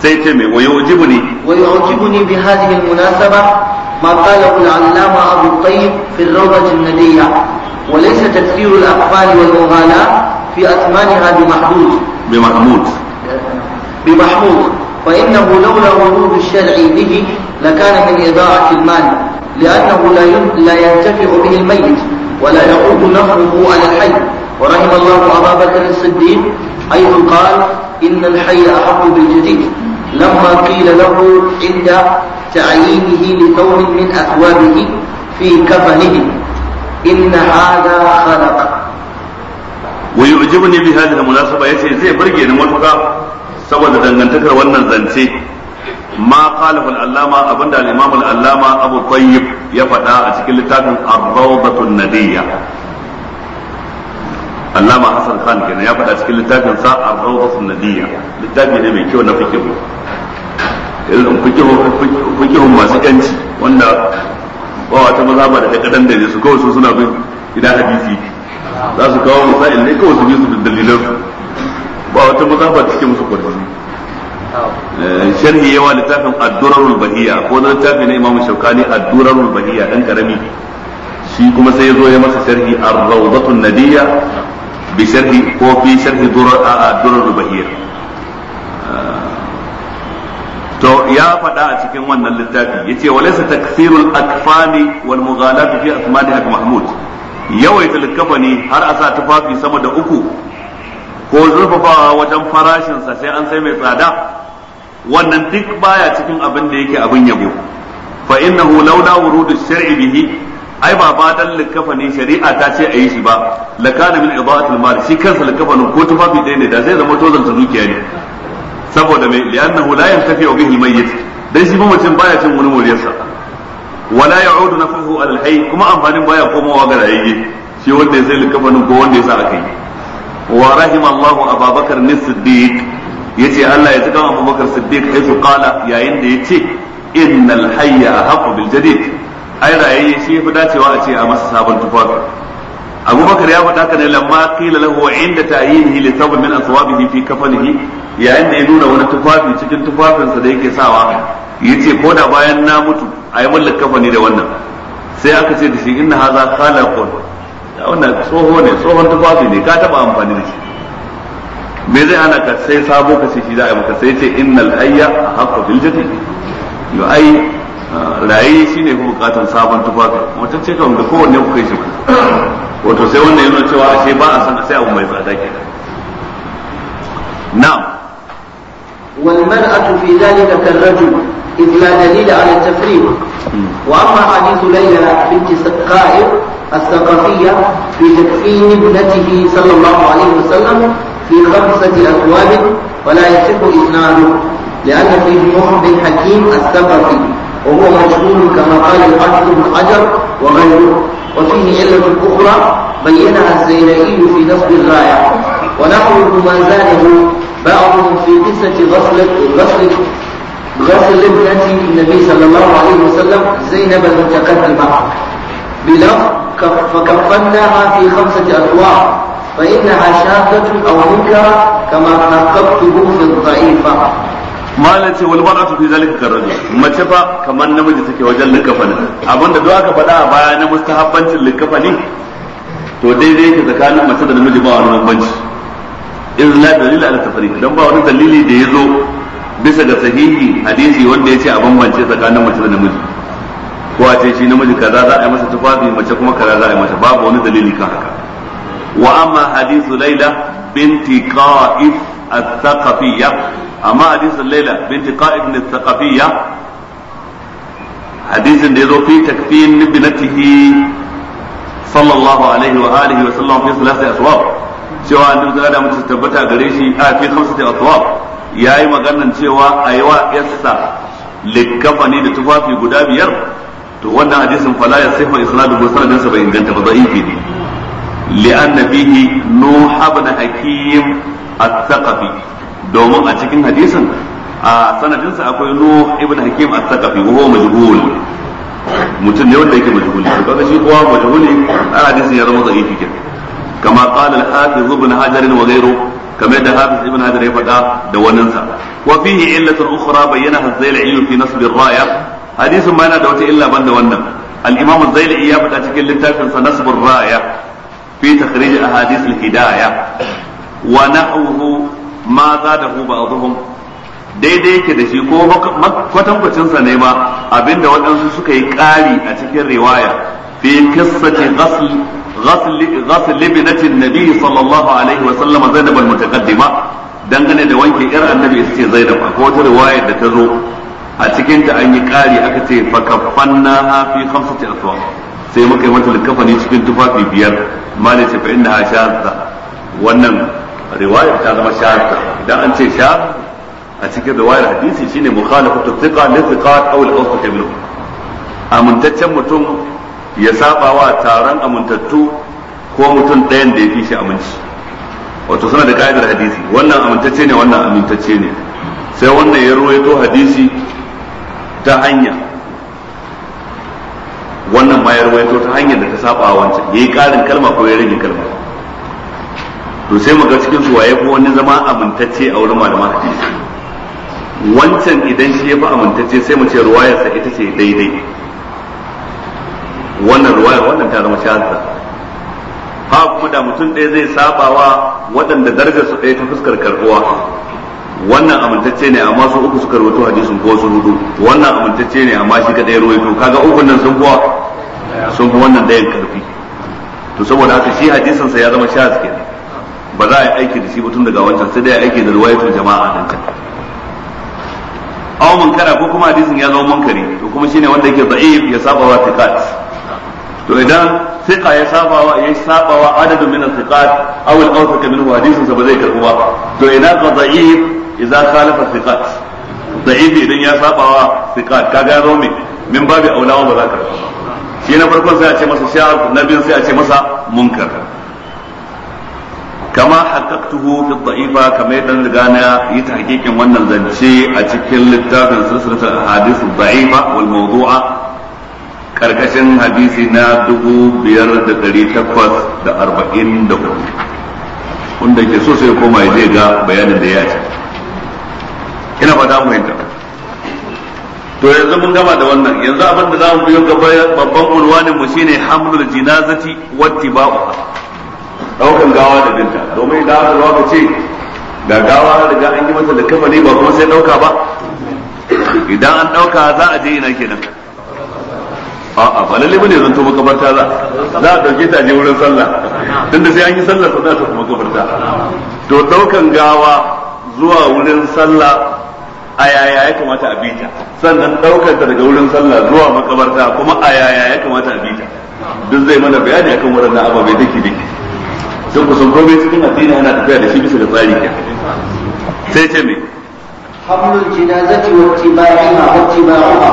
A: sai ce mai wayujibuni
B: wayujibuni bi hadhihi al-munasaba ma qalahu al-allama abu tayyib fi ar-rawdah an-nadiyya وليس تكثير الاقوال والمغالاة في أثمانها بمحدود بمحمود بمحمود فإنه لولا ورود الشرع به لكان من إضاعة المال لأنه لا لا ينتفع به الميت ولا يعود نفعه على الحي ورحم الله أبا بكر الصديق حيث قال إن الحي أحق بالجديد لما قيل له عند تعيينه لثوب من أثوابه في كفنه
A: inna hada khalaq wa yu'jibuni bi hadhihi al-munasaba yace zai burge ni matuƙa saboda dangantakar wannan zance ma khalafa al-allama abinda al-imam al Abu ya a cikin littafin Nadiyya Allama Hassan Khan kenan ya faɗa cikin littafin sa Ar-Rawdatun Nadiyya littafi ne mai kyau na fikihu irin fikihun masu yanci wanda ba wata ba da kadan da su kawai su suna bin idan hadisi za su kawo misalin ne kawai su bi su dalilan ba wata ba cikin musu kwarfi eh, sharhi yawa littafin addurarul bahiya ko na littafin na imamu shaukani addurarul bahiya dan karami shi kuma sai zo ya masa sharhi ar-rawdatun nadiyya bi sharhi ko fi sharhi ad addurarul bahiya eh, to ya faɗa a cikin wannan littafi yace walaysa takthirul akfani wal mughalatu fi asmaniha ka mahmud yawaita likafani har a sa tufafi sama da uku ko zurfafawa wajen farashinsa sai an sai mai tsada wannan duk baya cikin abin da yake abin yabo fa innahu laula wurudu shar'i bihi ai ba ba dan likafani shari'a ta ce a yi shi ba lakana min idaa'atil mal shi kansa likafani ko tufafi ɗaya ne da zai zama tozan ta dukiya ne saboda mai li'annahu la yantafi bihi al-mayyit dan shi mamacin baya cin wani moriyarsa wala ya'udu nafahu ala al-hayy kuma amfanin baya komawa ga rayayye shi wanda ya sai likafanin ko wanda ya sa akai wa rahima Allahu Abubakar as-Siddiq yace Allah ya tuka Abubakar Siddiq sai su yayin da yace innal hayya ahqqu bil jadid ai rayayye shi fi dacewa a ce a masa sabon tufafi abubakar ya faɗa ka ne lamma qila lahu inda ta'yinihi li thawb min aswabihi fi kafanihi yayin da ya nuna wani tufafi cikin tufafinsa da yake sawa yace ko da bayan na mutu ayi mallak kafani da wannan sai aka ce da shi inna hadha khalaqun wannan tsoho ne tsohon tufafi ne ka taba amfani da shi me zai hana ka sai sabo ka ce shi za a yi maka sai ce innal hayya haqqu bil jadi yo ai rayi shine bukatun sabon tufafi mutum ce kan da kowanne ku kai shi wato sai wannan yana cewa ashe ba a san sai abu mai tsada ke
B: na'am والمرأة في ذلك كالرجل إذ لا دليل على التفريق وأما حديث ليلى بنت سقائر الثقفية في تكفين ابنته صلى الله عليه وسلم في خمسة أبواب ولا يصح إسناده لأن فيه نوح بن حكيم الثقفي وهو مشهور كما قال الحافظ بن حجر وغيره وفيه علة أخرى بينها الزيلائي في نصب الرايع ونحو ما زاله بعضهم في قصة غسل غسل غسل ابنة النبي صلى الله عليه وسلم زينب المتقدمة بلفظ فكفناها في خمسة أطوار فإنها شاذة أو منكرة كما نقبته في الضعيفة
A: malam ce wal mar'atu fi zalika karaja mace fa kamar namiji take wajen likafani abinda duk aka faɗa a baya na mustahabbancin likafani to daidai yake tsakanin mace da namiji ba wani bambanci in la dalila ala tafriq dan ba wani dalili da yazo bisa ga sahihi hadisi wanda yace a bambance tsakanin mace da namiji ko a ce shi namiji kaza za a yi masa tufafi mace kuma kaza za a yi masa babu wani dalili kan haka wa amma hadisu laila binti qa'if as-saqafiyya amma hadisin laila binti qa'id ibn thaqafiyya hadisin da yazo fi takfin ibnatihi sallallahu alaihi wa alihi wa sallam fi salati aswab cewa annabi zai da mutum tabbata gare shi a fi yayi maganan cewa aiwa yassa likkafani da tufafi guda biyar to wannan hadisin fala ya sifa isnadu ko sa bai inganta ba da'ifi ne li'anna fihi nuh ibn hakim at-taqafi domin a cikin hadisin a sanadinsa akwai nuh ibn hakim as-saqafi huwa majhul mutum ne wanda yake majhuli to kaga shi kowa majhuli ana hadisin ya zama da'ifi kenan kama qala al-hafiz ibn hajar wa ghayru kamar da hafiz ibn hajar ya faɗa da wannan sa wa fihi illatun ukhra bayyanaha az-zail'i fi nasb ar-raya hadisin ma yana da wata illa banda wannan al-imam az-zail'i ya faɗa cikin littafin sa nasb ar-raya fi takhrij ahadith al-hidayah wa na'uhu ma za da hu ba azuhum daidai yake da shi ko kwatankwacin sa ne ma abinda waɗansu suka yi ƙari a cikin riwaya fi qissati ghasl ghasl ghasl nabi sallallahu alaihi wa sallam zainab al-mutaqaddima dangane da wanke yar annabi ita ce zainab akwai wata riwaya da ta zo a cikin ta an yi ƙari aka ce fa kaffanna fi khamsati aswaq sai muka yi mata likafani cikin tufafi biyar ma ne ce fa inna wannan riwayar ta zama shadda idan an ce sha a cikin riwayar hadisi shine mukhalafatu thiqa li thiqat aw al-awsat ibnu amintaccen mutum ya saba wa taron amintattu ko mutum ɗayan da ya fi shi aminci wato suna da ka'idar hadisi wannan amintacce ne wannan amintacce ne sai wannan ya ruwaito hadisi ta hanya wannan ma ya ruwaito ta hanyar da ta saba wancan ya yi ƙarin kalma ko ya rage kalma to sai mu ga cikin su waye ko wani zama amintacce a wurin malama hadisi wancan idan shi ya fi amintacce sai mu ce ruwayarsa ita ce daidai wannan ruwayar wannan ta zama shahada Fa kuma da mutum ɗaya zai sabawa waɗanda darajar su ɗaya ta fuskar karɓuwa wannan amintacce ne amma su uku suka rubuta hadisin ko su hudu wannan amintacce ne amma shi kadai rawaito kaga uku nan sun kuwa sun fi wannan ɗayan karfi to saboda haka shi hadisin sa ya zama shahada kenan ba za a yi aiki da shi ba tun daga wancan sai dai aiki da ruwayatul jama'a dan can aw munkara ko kuma hadisin ya zama munkari to kuma shine wanda yake da'if ya saba wa thiqat to idan thiqa ya saba wa ya saba wa adadun min thiqat aw al-awthaq min hadisin sa ba zai karbu ba to ina ka da'if idza khalafa thiqat da'ifi idan ya saba wa thiqat kaga zo me min babu aulawa ba za ka shi na farkon sai a ce masa sha'ab na biyu sai a ce masa munkar kama haqqaqtuhu fi dha'ifa kamar dan riga na yi tahqiqin wannan zance a cikin littafin silsilatul ahadith dha'ifa wal mawdu'a karkashin hadisi na 5844 wanda ke so sai koma ya je ga bayanin da ya ce ina fata mu yanta to yanzu mun gama da wannan yanzu abin da za mu biyo gaba babban unwanin mu shine hamlul jinazati wattiba'uha daukan gawa da binta domin da aka zo aka ce ga gawa da ga an yi masa da kamari ba kuma sai dauka ba idan an dauka za a je ina kenan a'a ba lalle bane zanto makabarta za za a dauke ta je wurin sallah tunda sai an yi sallah za ta kuma makabarta to daukan gawa zuwa wurin sallah a yaya ya kamata a bita sannan daukar ta daga wurin sallah zuwa makabarta kuma a yaya ya kamata a bita duk zai mana bayani akan waɗannan ababe dake dake sun kusan komai cikin addini ana tafiya da shi bisa da tsari ke sai ce me
B: حمل الجنازة واتباعها واتباعها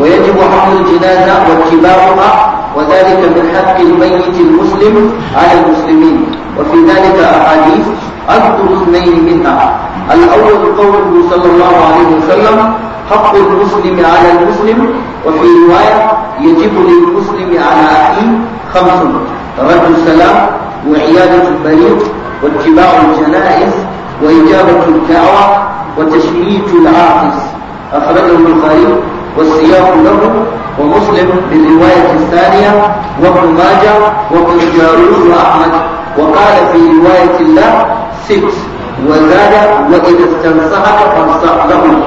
B: ويجب حمل الجنازة واتباعها وذلك من حق الميت المسلم على المسلمين وفي ذلك أحاديث أذكر اثنين منها الأول قوله صلى الله عليه وسلم حق المسلم على المسلم وفي رواية يجب للمسلم على أخيه خمس رد السلام وعيادة البريد واتباع الجنائز وإجابة الدعوة وتشميت العاطس أخرجه البخاري والسياق له ومسلم بالرواية الثانية وابن ماجه وابن جارود وأحمد وقال في رواية الله ست وزاد وإذا استنصحك فانصح له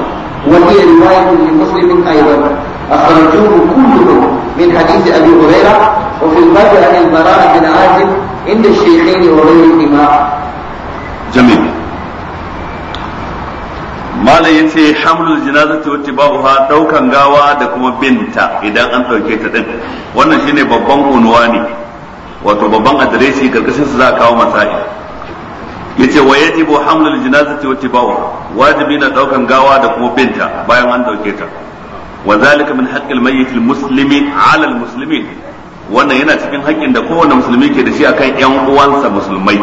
B: وهي رواية لمسلم أيضا أخرجوه كلهم من حديث أبي هريرة وفي
A: الباب عن البراء بن عازب inda shekhain wa ghayrihima jamil malam ya ce hamlul janazati wattiba'uha daukan gawa da kuma binta idan an dauke ta din wannan shine babban unuwa unwani wato babban adireshi karkashin su za a kawo masa masai yace wa bo Hamlu yajibu hamlul janazati wattiba'uha wajibi na daukan gawa da kuma binta bayan an dauke ta wa zalika min haqqil mayyit al muslimi 'ala al wannan yana cikin haƙƙin da kowane musulmi ke da shi akan ƴan uwansa musulmai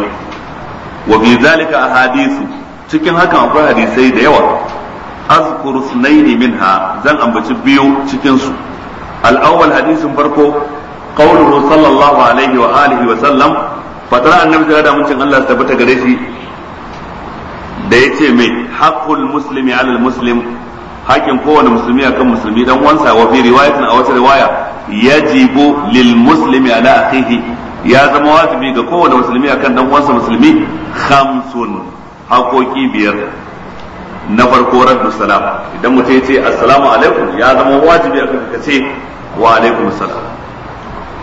A: wa bi zalika ahadisu cikin hakan akwai hadisai da yawa azkuru sunaini minha zan ambaci biyu cikin su al-awwal hadisin farko qauluhu sallallahu alaihi wa alihi wa sallam fatara annabi da mutum Allah ya tabbata gare shi da yace mai haqqul muslimi alal muslim Hakin kowane musulmi akan musulmi dan wansa wa fi riwayatin a wata riwaya yajibu lil muslimi ala akhihi ya zama wajibi ga kowane musulmi akan dan wansa musulmi khamsun haƙoƙi biyar na farko raddu salam idan mutum ya ce assalamu alaikum ya zama wajibi akan ka ce wa alaikum salam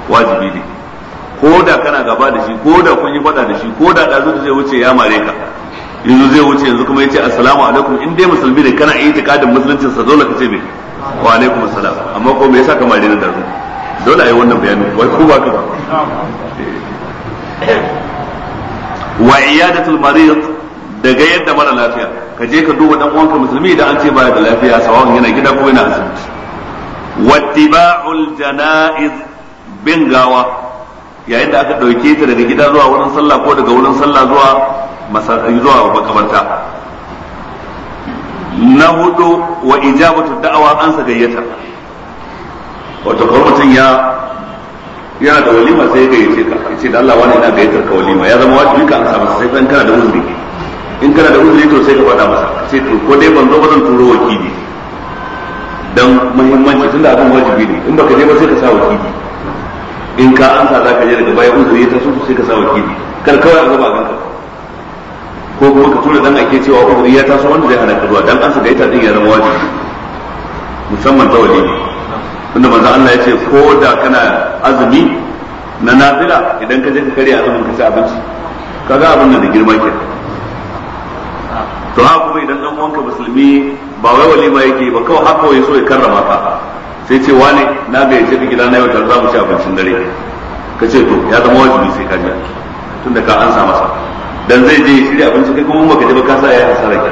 A: wajibi ne ko da kana gaba da shi ko da kun yi faɗa da shi ko da ɗazu da zai wuce ya mare ka yanzu zai wuce yanzu kuma yace assalamu alaikum in dai musulmi ne kana yi tikadin musulunci sa dole ka ce me wa alaikum assalam amma ko me yasa kamar dinin daru dole ayi wannan bayanin wai ko ba ka ba eh. wa iyadatul marid daga yadda mara lafiya ka je ka duba dan uwanka musulmi idan an ce baya da lafiya sawan yana gida ko yana asibiti wattiba'ul janaiz bin gawa yayin da aka dauke ta daga gida zuwa wurin sallah ko daga wurin sallah zuwa zuwa makabarta na hudu wa ijabatu da'awa an sa gayyata wato kawai mutum ya yana da walima sai ya yi ka ya ce da Allah wani yana gayyatar ka walima ya zama wajibi ka amsa masa sai dan in kana da uzuri in kana da uzuri to sai ka faɗa masa sai to ko dai ban zo ba zan turo wakili dan muhimmanci tunda abin wajibi ne in baka je ba sai ka sa wakili in ka amsa za ka je daga baya uzuri ta taso sai ka sa wakili kar kawai a gaba ganka ko kuma ka tura dan ake cewa uhuri ya taso wanda zai hana kaduwa dan ansa saka ita din ya zama wajibi musamman tawali wali tunda manzo Allah ya ce ko da kana azumi na nafila idan ka je ka karya azumin ka ci abinci kaga abin da girma ke to ha kuma idan dan uwanka musulmi ba wai walima yake ba kawai haka wai so ya karrama ka sai ce wane na gayyace ka gida gidana yau tar za mu ci abincin dare ka ce to ya zama wajibi sai ka je tunda ka ansa masa dan zai je shi da abinci kai kuma baka je ba ka sa ya hasara ke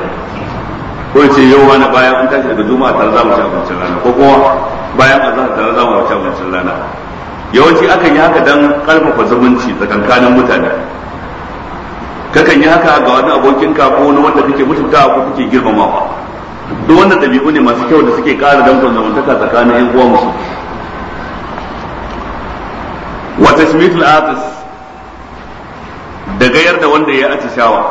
A: ko ce yau wani bayan an tashi daga juma'a tare za mu ci abincin rana ko kuma bayan azhar tare za mu ci abincin rana yawanci akan yi haka dan karfafa zumunci tsakankanin mutane kakan yi haka ga wani abokinka ko wani wanda kake mutuntawa ko kake girmamawa duk wanda dabi'u ne masu kyau da suke ƙara dankon zamantaka tsakanin 'yan uwa wa tashmitul atis da gayar da wanda ya atishawa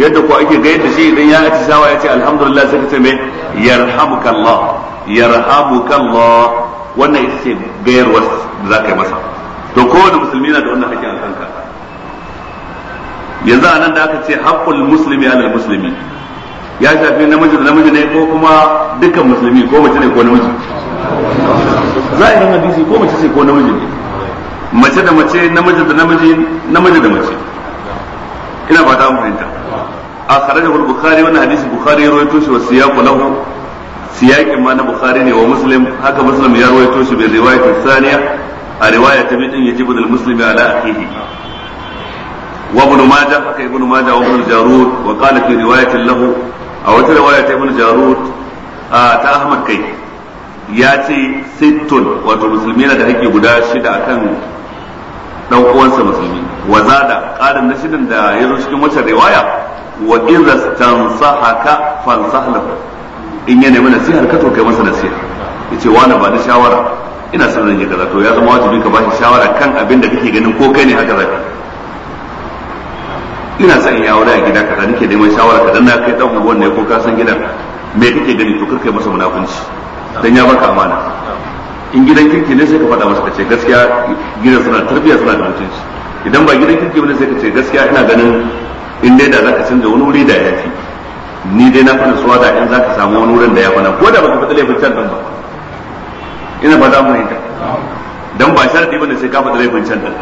A: yadda ko ake gayar da shi idan ya atishawa ya ce alhamdulillah sai ka ce me yarhamukallah yarhamukallah wannan ita ce gayarwar da za ka yi masa to kowane musulmi na da wannan hakkin a kanka yanzu anan da aka ce haqqul muslimi alal muslimi ya shafi namiji da namiji ne ko kuma dukkan musulmi ko mace ne ko namiji Za a zahirin hadisi ko mace ce ko namiji ne mace da mace namiji da namiji namiji da mace ina ba ta fahimta a sarari al-bukhari wannan hadisi bukhari ya rawaito shi wa siyaqu lahu siyakin ma na bukhari ne wa muslim haka muslim ya rawaito shi bi riwayat thaniya a riwaya ta bidin yajibu al-muslimi ala akhihi wa ibn majah haka ibn majah wa ibn jarud wa qala fi riwayatin lahu a wata riwaya ta ibn jarud ta ahmad kai ya ce sittun wato musulmi da hakki guda shida akan dan uwansa musulmi wa zada qarin nashidin da yazo cikin wata riwaya wa idza tansahaka fansahlahu in ya nemi nasihar ka to kai masa nasiha yace wani ba ni shawara ina son zan kaza to ya zama wajibi ka bashi shawara kan abin da kake ganin ko kai ne haka zaka ina son ya aure a gida kaza nake neman shawara ka dan na kai dan uwan ne ko ka san gidan me kake gani to kar kai masa munafunci dan ya baka amana in gidan kirki ne sai ka faɗa masa kace gaskiya gidan suna tarbiyya suna da mutunci idan ba gidan kirki ne sai ka gaskiya ina ganin in dai da zaka canza wani wuri da ya fi ni dai na fara suwa da in zaka samu wani wurin da ya fana ko da baka faɗa laifin can dan ba ina ba za mu fahimta dan ba sharadi bane sai ka faɗa laifin can dan.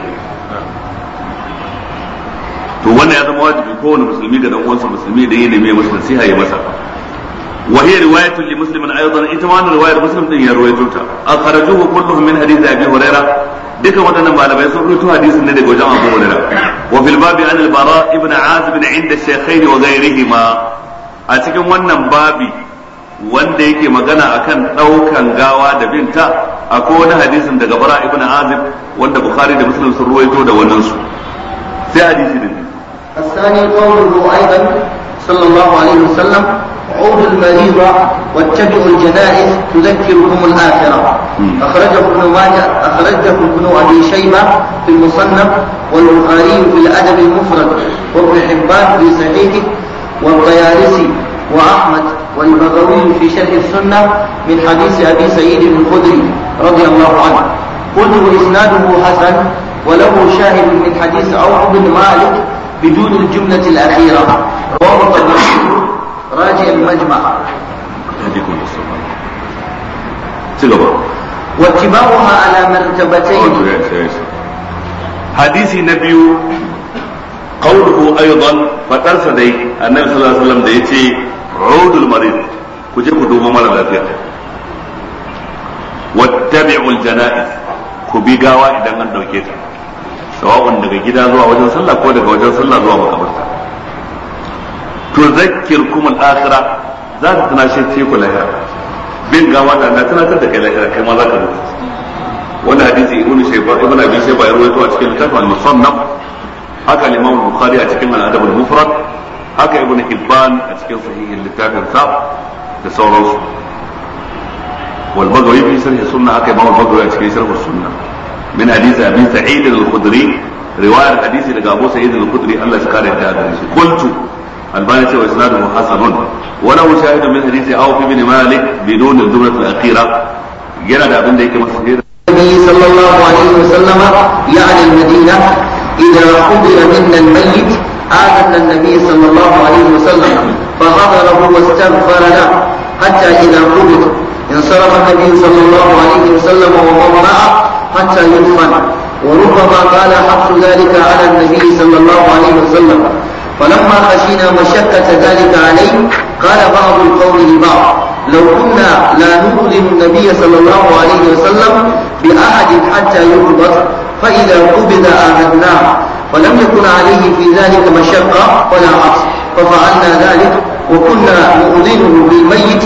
A: to wannan ya zama wajibi kowane musulmi ga dan uwansa musulmi da ya nemi masa nasiha ya masa وهي رواية لمسلم أيضا إتمان رواية مسلم دين يرويتوتا أخرجوه كلهم من حديث أبي هريرة duka waɗannan malamai sun rutu hadisin ne daga an Abu Hurairah wa fil babi an al-bara ibn azib inda shaykhayn wa a cikin wannan babi wanda yake magana akan daukan gawa da binta a wani hadisin daga bara ibn azib wanda bukhari da muslim sun ruwaito da wannan su sai hadisi din
B: الثاني قوله أيضا صلى الله عليه وسلم عودوا المريضة واتبعوا الجنائز تذكركم الآخرة أخرجه ابن ماجه أخرجه ابن أبي شيبة في المصنف والبخاري في الأدب المفرد وابن حبان في صحيحه والطيالسي وأحمد والبغوي في شرح السنة من حديث أبي سعيد الخدري رضي الله عنه قلت وإسناده حسن وله شاهد من حديث عوف بن مالك بدون الجملة الأخيرة
A: hadisi na biyu. kawul hu ayodan. fatar sa dai. annulabila sallwa aleihi sallam dai ci. aynulmaril. kuje ku duk kuma ma da lafiya. wadda bai bula ku bi gawa idan an dauke ka. tawakon daga gida zuwa wajen sallan ko daga wajen sallan zuwa makabarta tuzakkirkum al-akhirah za ta a cikin littafin al da sauransu
B: wal bagawi fi
A: sharh الباني سوى اسناده حسن وله شاهد من حديث عوف بن مالك بدون الجمله الاخيره جلد ابن ديك مصير
B: النبي صلى الله عليه وسلم يعني المدينه اذا قبل منا الميت آذن النبي صلى الله عليه وسلم فغفره واستغفر له حتى اذا قبل انصرف النبي صلى الله عليه وسلم ومن معه حتى يدفن وربما قال حق ذلك على النبي صلى الله عليه وسلم فلما خشينا مشقة ذلك عليه قال بعض القوم لبعض لو كنا لا نظلم النبي صلى الله عليه وسلم بأحد حتى يقبض فإذا قبض أهدناه ولم يكن عليه في ذلك مشقة ولا عقص ففعلنا ذلك وكنا نؤذنه بالميت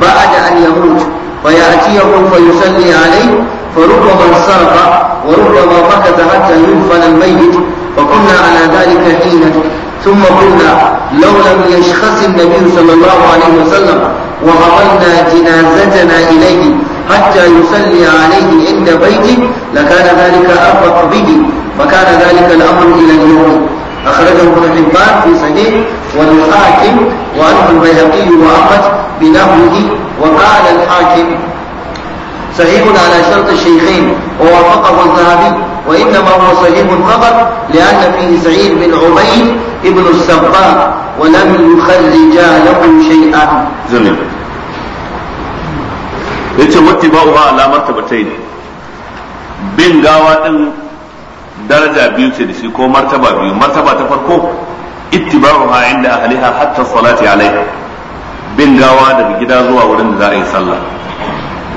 B: بعد أن يموت فيأتيه فيصلي عليه فربما انصرف وربما مكث حتى يدفن الميت فكنا على ذلك حين ثم قلنا لو لم يشخص النبي صلى الله عليه وسلم وغضلنا جنازتنا إليه حتى يصلي عليه عند بيته لكان ذلك ارفق به فكان ذلك الأمر إلى اليوم أخرجه ابن حبان في صحيح والحاكم وأنه البيهقي وأقت بنهره وقال الحاكم صحيح على شرط الشيخين ووافقه الذهبي وإنما هو صحيح فقط لأن فيه سعيد بن عبيد ابن السباق ولم يخرج له شيئا
A: زمن yace wattiba'uha ala martabatayn bin gawa din daraja biyu ce da shi ko martaba biyu martaba ta farko ittiba'uha inda ahliha hatta salati alaiha bin gawa daga gida zuwa wurin da za a yi sallah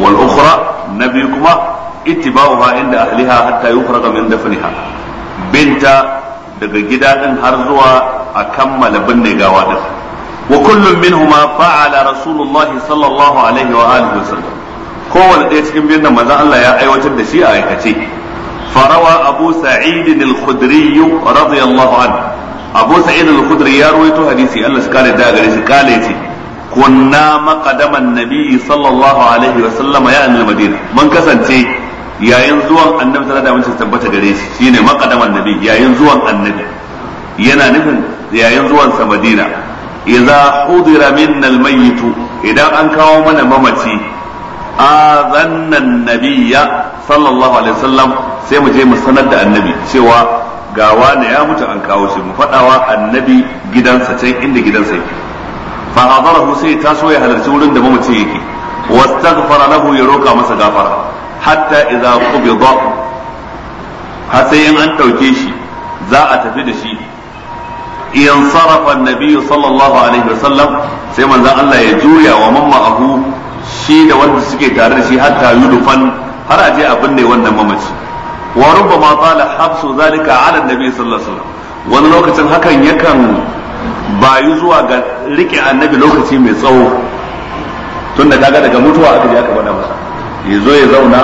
A: wal na nabi kuma ittiba'uha inda ahliha hatta yufraga min dafniha binta daga gida din har zuwa a kammala binne gawa din wa kullum minhuma fa'ala rasulullah sallallahu alaihi wa alihi wasallam kowanne ɗaya cikin biyun nan manzon Allah ya aiwatar da shi a aikace farawa abu sa'id al-khudri radiyallahu abu sa'id al ya rawaito hadisi Allah shi da gare shi kale ce kunna maqadaman nabi sallallahu alaihi wa sallama ya anil madina mun kasance yayin zuwan annabi tare da mun tabbata gare shi shine maqadaman nabi yayin zuwan annabi yana nufin yayin zuwan sa madina idza udira minna al mayyit idan an kawo mana mamaci azanna nabiyya sallallahu alaihi wasallam sai mu je mu sanar da annabi cewa gawa ne ya mutu an kawo shi mu fadawa annabi gidansa can inda gidansa yake fa hadarahu sai taso ya halarci wurin da mamaci yake wastaghfara lahu ya roka masa gafara hatta idza qubida har sai in an dauke shi za a tafi da shi in sarafa annabi sallallahu alaihi wasallam sai manzon Allah ya juya wa mamma ahu shi da wanda suke tare da shi hatta yudfan har a je a binne wannan mamaci wa rubbama qala habsu zalika ala annabi sallallahu alaihi wani lokacin hakan yakan Ba yi zuwa ga rike annabi lokaci mai tsawo tun da kaga daga mutuwa aka ya aka faɗa masa ya zo ya zauna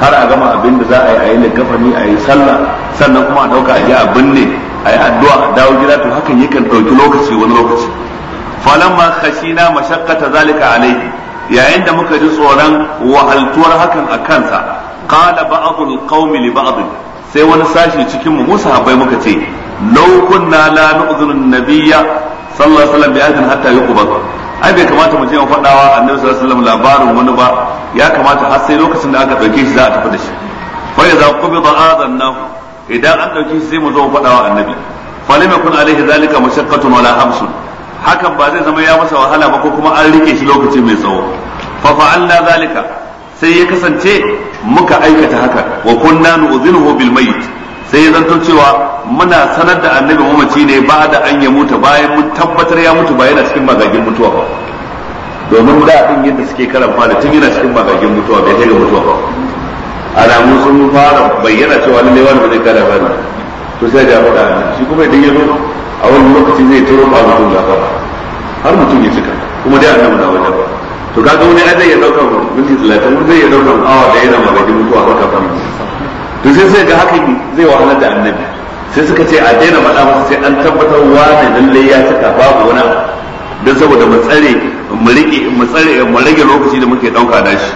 A: har a gama abin da za a yi a yi likafani a yi sallah sannan kuma a ɗauka a yi a binne a yi addu'a a dawo gida to hakan yakan dauki lokaci wani lokaci ma khashina mashaqqata zalika alai. yayin da muka ji tsoron wahaltuwar hakan a kansa qala ba'dul qaumi li ba'd sai wani sashi cikin mu musa habbai muka ce law kunna la nu'zinu nabiyya sallallahu alaihi wasallam bi ahadin hatta yuqbad ai bai kamata mu je mu fadawa annabi sallallahu alaihi wasallam labarin wani ba ya kamata har sai lokacin da aka dauke shi za a tafi da shi fa idza qubida adannahu idan an dauke shi sai mu zo mu fadawa annabi fa lam yakun alaihi zalika mashaqqatun wala hamsun hakan ba zai zama ya masa wahala ba ko kuma an rike shi lokaci mai tsawo fa fa'alna zalika sai ya kasance muka aikata haka wa kunna nu'zinuhu bil mayyit sai ya zanto cewa muna sanar da annabi mamaci ne ba da an ya mutu bayan mun tabbatar ya mutu ba yana cikin magagin mutuwa ba domin da din yadda suke karan fara tun yana cikin magagin mutuwa bai kai ga mutuwa ba alamu sun fara bayyana cewa ne wani ne zai kada ba to sai ya faɗa shi kuma idan ya zo a wani lokaci zai turo ba mutum ba. har mutum ya cika kuma dai annabi na wajen to kaga wani ai zai ya dauka minti 30 wani zai ya dauka awa da yana magagin mutuwa ba ka kafin to sai sai ga haka zai wahalar da annabi sai suka ce a daina faɗa masa sai an tabbatar wane lalle ya cika babu wani don saboda mu tsare mu rike mu mu rage lokaci da muke dauka da shi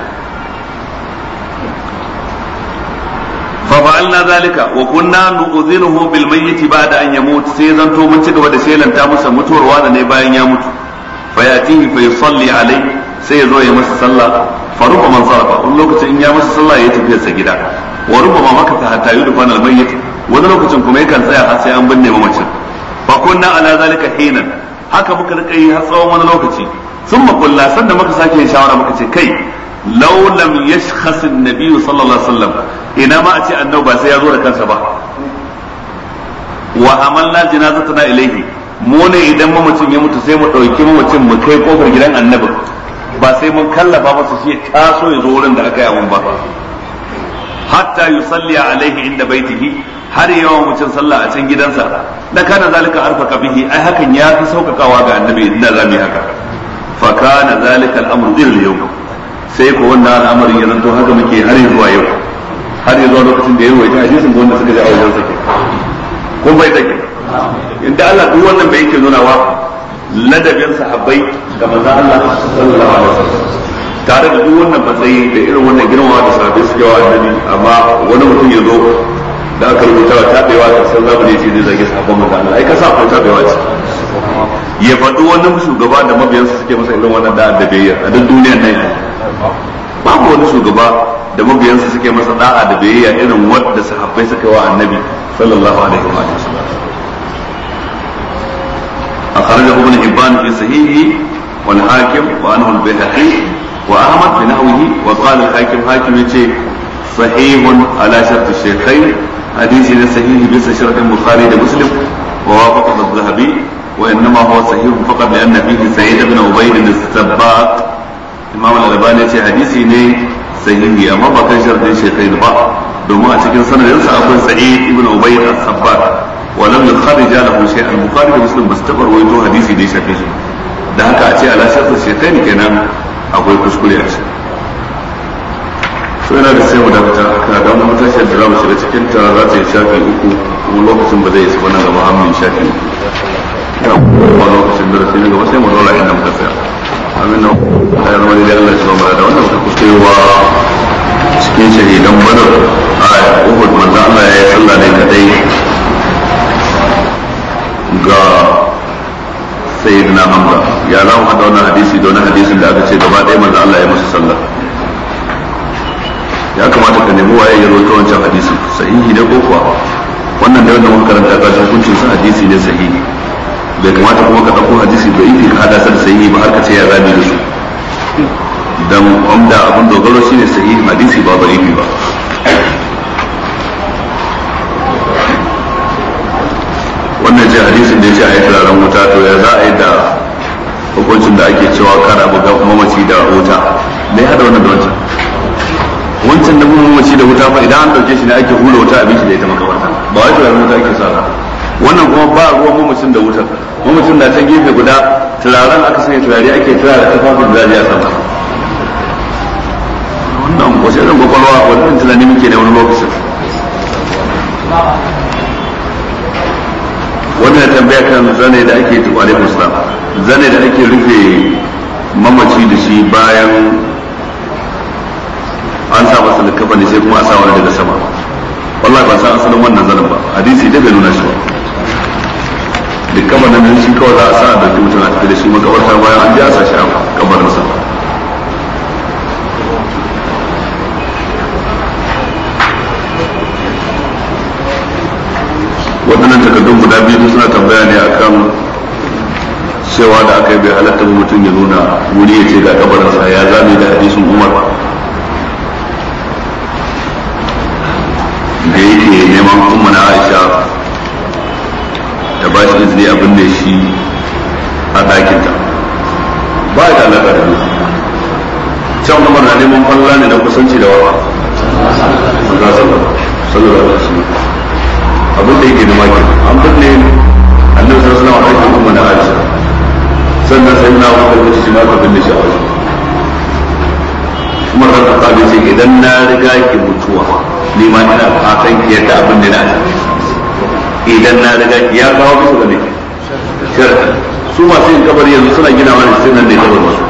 A: fa fa'alna zalika wa kunna nu'dhinuhu bil mayyit ba'da an yamut sai zanto mun ci gaba da shelanta masa mutuwar ne bayan ya mutu fa yatihi fa yusalli alai sai ya zo ya masa sallah fa ruba man sarafa wani lokacin in ya masa sallah ya tafi sa gida wa rubba maka ta hatta yudfana al-mayyit wani lokacin kuma yakan tsaya har sai an binne mamacin fa kunna ala zalika hinan haka muka rika yi har tsawon wani lokaci summa kulla sanda muka sake yin shawara muka ce kai law lam yashkhas an-nabiy sallallahu alaihi wasallam ina ma a ce annabi ba sai ya zo da kansa ba wa amalna janazatana ilayhi mu ne idan mamacin ya mutu sai mu dauki mamacin mu kai kofar gidan annabi ba sai mun kallafa masa shi ya taso ya zo wurin da aka yi mun ba hatta yusalli alaihi inda baitihi har yawan mucin sallah a can gidansa da kana zalika arfaka bihi ai hakan ya fi saukakawa ga annabi inda zamu haka fa kana zalika al-amru dil yawm sai ko wannan al'amarin ya zanto haka muke har zuwa yau har zuwa lokacin da ya ruwaita hadisin ko wanda suka ji a wajen sa ko bai take inda Allah duk wannan bai yake nunawa ladabin sahabbai ga manzon Allah sallallahu alaihi wasallam tare da duk wannan matsayi da irin wannan girma da sabbin suke wa annabi amma wani mutum ya zo da aka rubuta wa tabewa da san zamani ce zai zage sabon manzo Allah ai ka sa ta tabewa ce ya faɗi wani shugaba da mabiyansa suke masa irin wannan da addabiyya a duk duniyar nan babu wani shugaba da mabiyansa suke masa da'a da biyayya irin wanda sahabbai suka wa annabi sallallahu alaihi wa sallam kharaja ibn hibban fi sahihi wal hakim wa anhu al-bayhaqi wa ahmad bin hawihi wa qala al-hakim hakim yace sahihun ala shart shaykhain hadisi ne sahihi bisa shartin bukhari da muslim wa wafaqa az-zahabi wa innama huwa sahihun faqat li anna fihi sa'id ibn ubayd as-sabbaq imam al-albani yace hadisi ne sahihi amma ba kan shartin shaykhain ba domin a cikin sanadinsa akwai sa'id ibn ubayd as-sabbaq wa lam da hadisi da da haka a ce ala kenan akwai kuskure a ciki so yana da sai mu dakata kana da wannan matashiyar da za mu shiga cikin ta za ta yi shafi uku kuma lokacin ba zai yi saboda gaba an min shafi ya kuma lokacin da sai gaba sai mu dora inda muka tsaya amin na hayar wani da Allah ya zama da wanda muka kusurwa cikin shahidan bana sayyidina Hamza ya za mu hada wannan hadisi da wani hadisin da aka ce gaba ɗaya manzo Allah ya masa sallah ya kamata ka nemi waye ya rawaito wancan hadisi sahihi ne ko kuwa wannan da wannan karanta ka shi hukuncin sa hadisi ne sahihi bai kamata kuma ka dauko hadisi da ifi ka hada sa da sahihi ba har ka ce ya zabi da su dan umda abin dogaro shine sahihi hadisi ba bari ba wannan ce hadisin da ya ce a yi turaren wuta to ya za a yi da hukuncin da ake cewa kana buga kuma mace da wuta me hada wannan da wancan wancan da mace da wuta fa idan an dauke shi ne ake hula wuta abin shi da ita makabarta ba wai turaren wuta ake sa wannan kuma ba ruwan mamacin da wutar mamacin na ta gefe guda turaren aka sanya turare ake turare ta tafafin da ya sama wannan wace irin kwakwalwa wannan tunani muke da wani lokacin wannan tambaya kan zane da ake tuba da muslam zane da ake rufe mamaci da shi bayan an sa masa da kafa sai kuma a sa wani daga sama wallahi ba san asalin wannan zanen ba hadisi da bai nuna shi ba da kafa nan shi kawai za a sa da mutum a tafi da shi makabarta bayan an ji a sa shi a kabarinsa waɗannan takardun guda biyu suna tambaya ne a kan cewa da aka yi bai halatta mutum ya nuna wuri ya ce ga kabarinsa ya zame da hadisin umar da yake neman umma na aisha ta ba shi izini abin da shi a ɗakinta ba ya alaƙa da dutse can umar na neman falla ne na kusanci da wawa sallallahu alaihi wasallam abin da yake da maki an binne annabi sallallahu alaihi wasallam kuma na aisha sannan sai na wani da shi ma ka binne shi a wajen kuma ta ka ce idan na riga ki mutuwa ni ma ina fatan ki yadda abin da na idan na riga ki ya kawo musu da ne sharadi su masu yin kabari yanzu suna gina wani sai nan ne kabarin wasu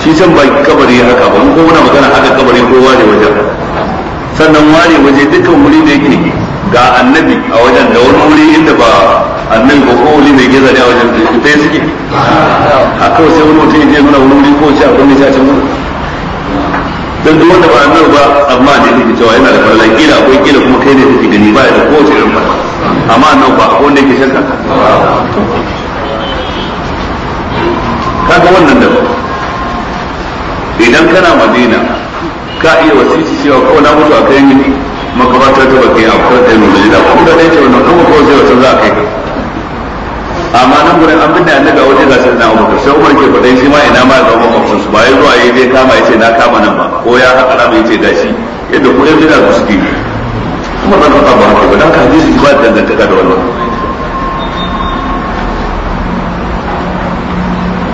A: shi san ba kabari haka ba mun ko muna magana haka kabari ko ware wajen sannan ware waje dukkan wuri da yake ne ga annabi a wajen da wani wuri inda ba annabi ba ko wuri mai geza ne a wajen da su ɗaya suke a kawai sai wani mutum ya nuna wani wuri ko shi a kwanne shi a can wuri dan duk wanda ba annabi ba amma ne yake cewa yana da farla kila ko kila kuma kai ne take gani ba da ko ce ba amma annabi ba akwai wanda yake shakka kaga wannan da idan kana madina ka iya wasiti cewa ko na mutu a kai gidi makamata ta bakai a kwar da nuna jida kuma da dai ce wannan kuma kawai sai wata za a kai amma nan gurin an binne annabi a waje ga sai na Umar sai Umar ke faɗa shi ma ina ma ya zama makwabcin su ba ya zuwa yayi zai kama ya ce na kama nan ba ko ya haka ya ce da shi yadda ko yanzu da su ke kuma ban faɗa ba haka ba dan su ba da dangantaka da wannan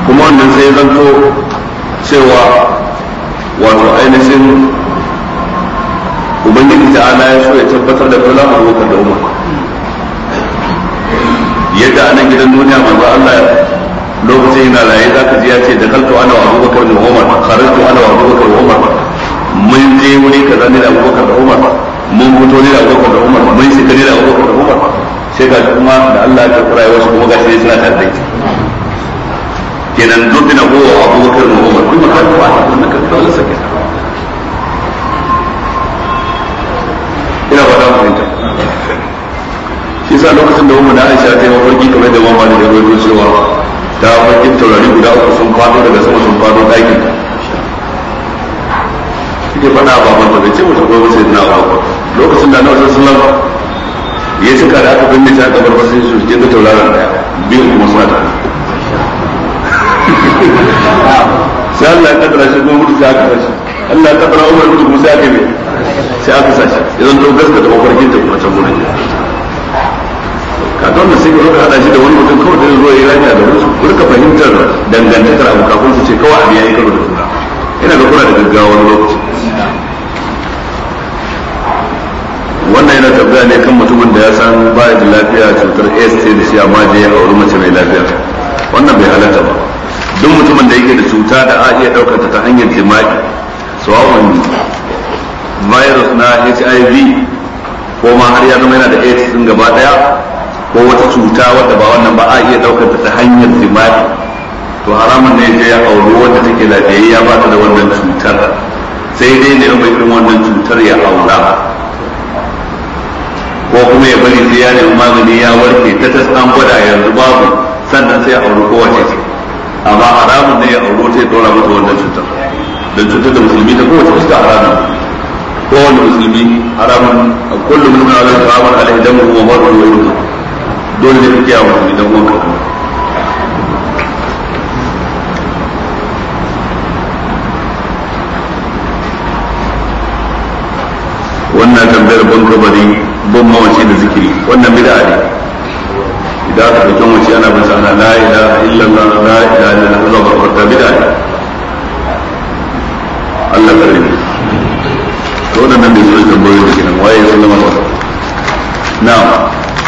A: kuma wannan sai zanto cewa wato ainihin ubangiji ta ala ya so ya tabbatar da a lokacin da umar yadda a nan gidan duniya manzo Allah lokacin yana raye za ka ji ya ce da kalto ana wa abubakar da umar kharajtu ana wa abubakar da umar mun je wuri kaza ne da abubakar da umar mun fito ne da abubakar da umar mun shiga ne da abubakar da umar sai ga kuma da Allah ya karɓi rayuwar wasu kuma ga shi suna tare kenan duk na gowa abubakar da umar kuma kan ba ta kuma kan dole sake yasa lokacin da umma na Aisha ta yi mafarki kamar da mamma da rawaito cewa ta farkin taurari guda uku sun fado daga sama sun fado ɗakin ta ke ba ba bai ce mutum gobe sai na ba lokacin da na wasu sunan ya cika da aka binne ta kamar ba sai su je da tauraron daya biyu kuma suna ta sai Allah ya kaddara shi kuma mutu sai aka sashi Allah ya kaddara umar mutu kuma sai aka yi sai aka sashi idan to gaskata mafarkin ta kuma can gurin ka ga wannan sai ga hada shi da wani mutum kawai da zuwa yi lafiya da wasu burka rika fahimtar dangantakar abu kafin su ce kawai abu yayi karo da juna ina da kuna da gaggawa wani lokaci wannan yana tabbaya ne kan mutumin da ya san ba da lafiya cutar AIDS ce da shi amma je ya auri mace mai lafiya wannan bai halatta ba duk mutumin da yake da cuta da a iya ɗaukar ta hanyar jima'i sawa'un virus na HIV ko ma har ya zama yana da AIDS din gaba daya ko wata cuta wadda ba wannan ba a iya daukar ta ta hanyar jima'i to haramun ne ya auri wadda take lafiyayya ba ta da wannan cutar sai dai ne mai irin wannan cutar ya aura ko kuma ya bari sai ya nemi magani ya warke ta tas an gwada yanzu babu sannan sai ya auri wace ce amma haramun ne ya auri wata ya dora mata wannan cutar da cutar da musulmi ta kowace fuska haramun kowane musulmi haramun a kullum min ma'alaihi haramun alaihi kuma wa marwa wa dole ne ka kiyaye musulmi dan uwanka wannan tambayar ban kabari ban mawace da zikiri wannan bid'a ne idan aka ɗauki mace ana bin sana la ilaha illallah la ilaha illallah Allah ba kwarta bid'a ne Allah ka rabi to wannan da zuwa da tambayoyi da kenan waye ya sallama ba na'am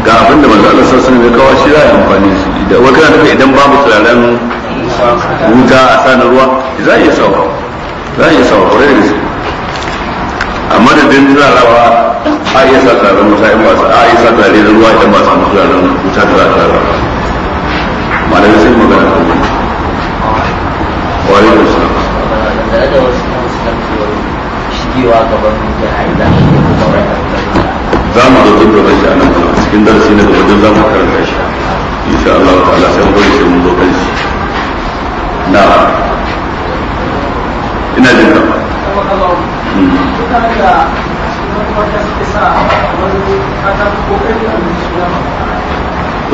A: ga abin da manzo Allah sallallahu alaihi wasallam ya kawo shi ya amfani shi da kana da idan babu tsaran wuta a sanar ruwa za iya sauka za iya sauka kore da gaske amma da din da rawa a iya sa turaren wuta in ba a iya sa turare da ruwa idan ba a samu turaren wuta da za a turarawa malamai sai magana kan wani
D: wani alaikum salam da wasu kan
A: shigewa gaban mutane da ake kuma za mu zo tattauna shi a nan cikin darasi na gaba don za mu karanta shi insha Allah ta ta'ala sai mu bari sai mun zo kan shi na ina jin ka hmm.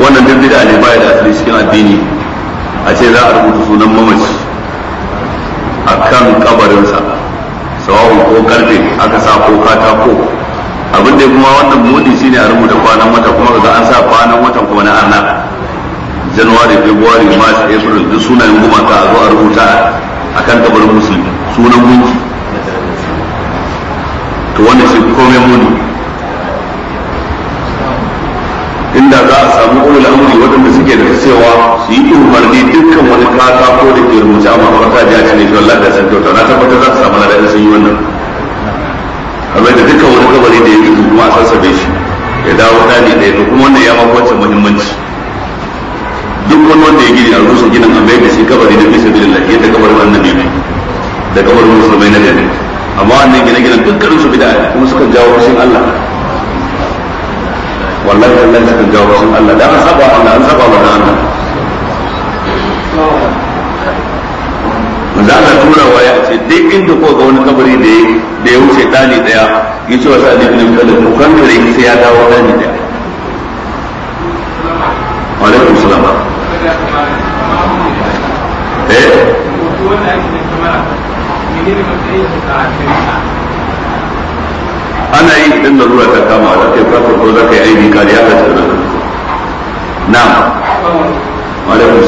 A: wannan duk bid'a ne baya da asali cikin addini a ce za a rubuta sunan mamaci a kan kabarinsa sawa'un ko karfe aka sa ko katako abin da kuma wannan muni shine a rubuta kwanan wata kuma ga an sa kwanan watan kuma na arna january february march april duk sunayen gumaka a zo a rubuta a kan musulmi sunan gunki to wannan shi komai muni inda za a samu ulul amri wadanda suke da cewa su yi umarni dukkan wani ko da ke ma a mafarka jiya cikin shi wallahi da san kyauta na tabbatar za su samu ladan sun yi wannan abin da dukkan wani kabari da ya mutu kuma a sassabe shi ya dawo dali ɗaya to kuma wannan ya ma kwace muhimmanci duk wani wanda ya gini a rusa ginin a bai da shi kabari da bisa lafiya yadda kabarin annabi ne da kabarin musulmai na gari amma wannan gine-ginen dukkanin su bida kuma suka jawo fushin Allah wallahi wallahi suka jawo fushin Allah da an saba Allah an saba wa Allah manzo Allah tura wa ya ce duk inda ko ga wani kabari da ya da ya wuce dani daya ya ce wa sa'ad ibn Mutalib mu kankare sai ya dawo dani daya alaikum salam eh ana yi idan larura ta kama da kai farko ko za ka yi aini kariya ka
D: na'am alaikum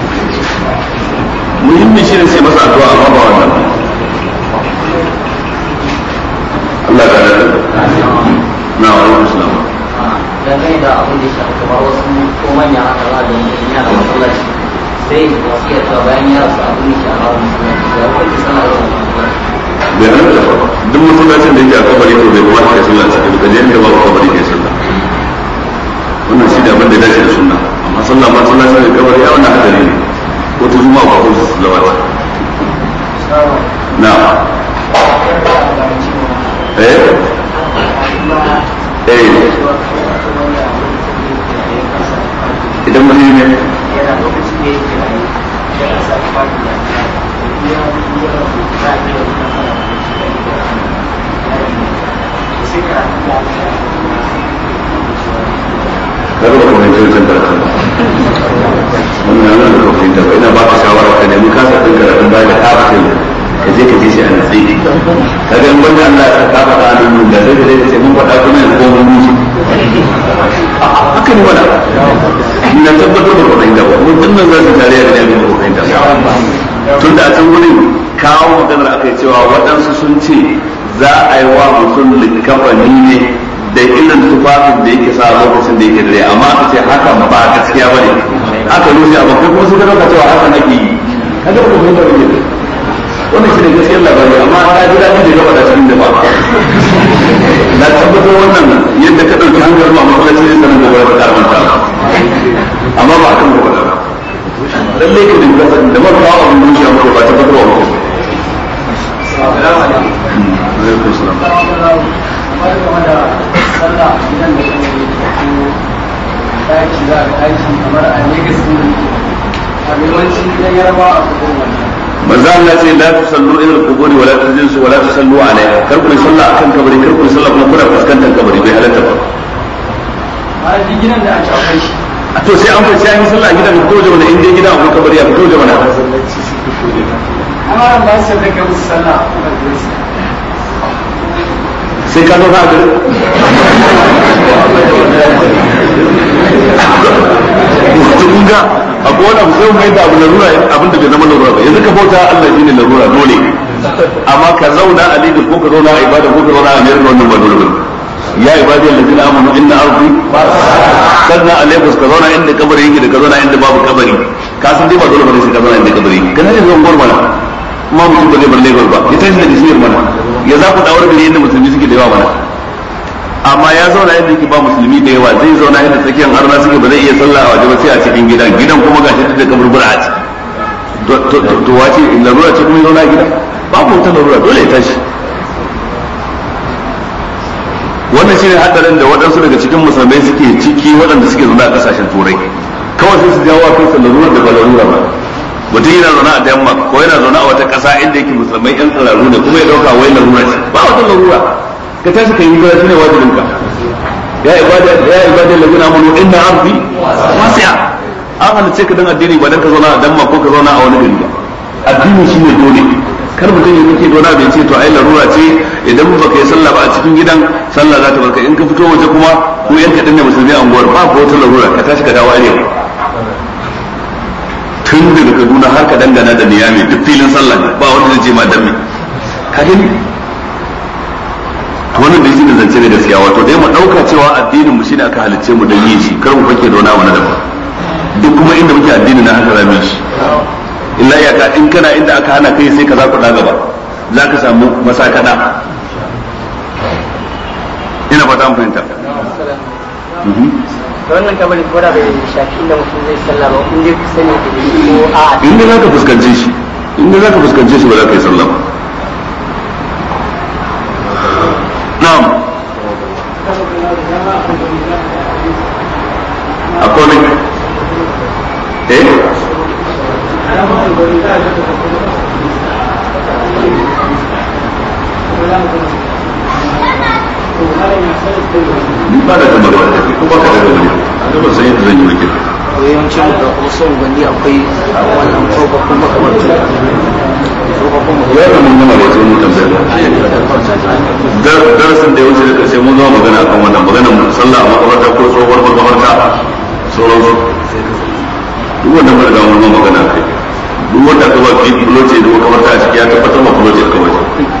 A: muhimmin shi ne sai masa addu'a amma ba wannan Allah ya rada na wani musulama
C: dangane
D: da abin da ya shafi wasu ko manya haka za da ga mutum yana masallaci sai wasu ya ta bayan ya rasu abin da ke a hawa musulunci ya wani sana'a da wani bai nan da ba duk
A: masallacin da yake a kabari to bai kamata ya sallah cikin ka je inda babu kabari ke sallah wannan shi da abin da ya dace da sunna amma sallah ba sallah sai kabari ya wannan hadari ne wata juma'a ba kuma su zama ba na
D: eh eh idan ba ne
A: Kalau kamu mencuri tentang wannan nan da kafin ta ina ba ka shawara ka nemi kasa din karatun ba da kafin ka je ka ji shi a natsi ka ga mun da Allah ka kafa da nan da sai da sai mun faɗa kuma ne ko mun ji haka ne wala ina tabbatar da kudin da mun dinnan za su tare da ne kudin da tun da can wurin kawo maganar aka yi cewa waɗansu sun ce za a yi wa mutum likafani ne da irin tufafin da yake sa lokacin da yake dare amma aka ce hakan ba gaskiya ba ne aka rushe a bakwai kuma sai ka cewa haka nake yi kaga ko mun da wani wannan shi ne gaskiyar labari amma ta ji daɗin da gaba da cikin da ba na tabbatar wannan yadda ka ɗauki hankali ba mafi cikin sanar da wani ta manta amma ba a kan gaba ba da
C: abin
D: amma ba ba alaikum. daki za ga daki kamar a Legas ne a yawancin gidan yarba a
A: kudin wannan manzo Allah ce la tusallu ila al-quburi wa la tajlisu wa la tusallu alaiha kar ku salla akan kabari kar ku salla kuma kuna fuskantar kabari bai halatta ba
D: a gidan da aka akwai a to sai an fita yi sallah gidan ko da wani inda gidan akwai kabari a fito da wani amma ba sai da ka musalla
A: sai ka zauna a ga a kowane abu sai mu yadda abu larura abin da bai zama larura ba yanzu ka bauta Allah shi ne larura dole amma ka zauna a lidin ko ka zauna a ibada ko ka zauna a miyar wannan ba dole ba ya ibadi allazina amanu arzu sannan a lagos ka zauna inda kabari yake da ka zauna inda babu kabari ka san dai ba dole bane sai ka zauna inda kabari kana da zan gurmana kuma mutum ba zai bar lagos ba ya tashi da jisiyar mana ya za ku dawar gari inda musulmi suke da yawa mana amma ya zauna yadda yake ba musulmi da yawa zai zauna yadda tsakiyar arna suke ba zai iya sallah a waje ba sai a cikin gida gidan kuma ga shi da kaburbura a ciki to wace larura ce kuma ya zauna gida babu wata larura dole ya tashi wannan shine hadarin da waɗansu daga cikin musulmai suke ciki waɗanda suke zaune a ƙasashen turai kawai sai su jawo a kansa larura da ba larura ba mutum yana zaune a denmark ko yana zaune a wata ƙasa inda yake musulmai yan tsararru ne kuma ya ɗauka wai larura ce ba wata larura ka tashi ka yi gara shi ne wajibinka ya ibada ya ibada lazina amanu inna ardi wasi'a an halice ka dan addini ba dan ka zauna a denmark ko ka zauna a wani gari ba addini ne dole kar mutum ya kake dona bai ce to ai larura ce idan ba ka yi sallah ba a cikin gidan sallah za ta barka in ka fito waje kuma ko yanka dinne musulmi unguwar ba ko wata larura ka tashi ka dawo arewa tun daga kaduna har ka dangana da niyami duk filin sallah ne ba wanda zai ce ma dan me ka gani to wannan dai shine zance ne gaskiya wato dai mu dauka cewa addinin mu shine aka halicce mu dan yi shi kar mu fake da wani abu daban duk kuma inda muke addini na haka zamu shi illa ya ka in kana inda aka hana kai sai ka za ku da gaba za ka samu masakada ina fata an fahimta
D: mhm. wannan kabari ko da bai shafi inda mutum zai sallah ba in dai sani da a in dai
A: zaka fuskance shi in dai zaka fuskance shi ba za ka yi sallah ba na'am
D: akwai ne eh
A: ni ba da kan barwa take ko ba ka da wani a ba san yadda zan yi wakil yawancin wasu ubangi akwai wannan tsofaffin
D: makamantar ya da mun gama wasu mun tambaya
A: darasin da ya wuce da karshe mun zama magana akan wannan magana sallah a makabarta ko tsohuwar makabarta sauransu duk wanda mun riga mun magana kai duk wanda aka ba fi kuloce da makabarta a ciki ya tabbatar ma kuloce kawai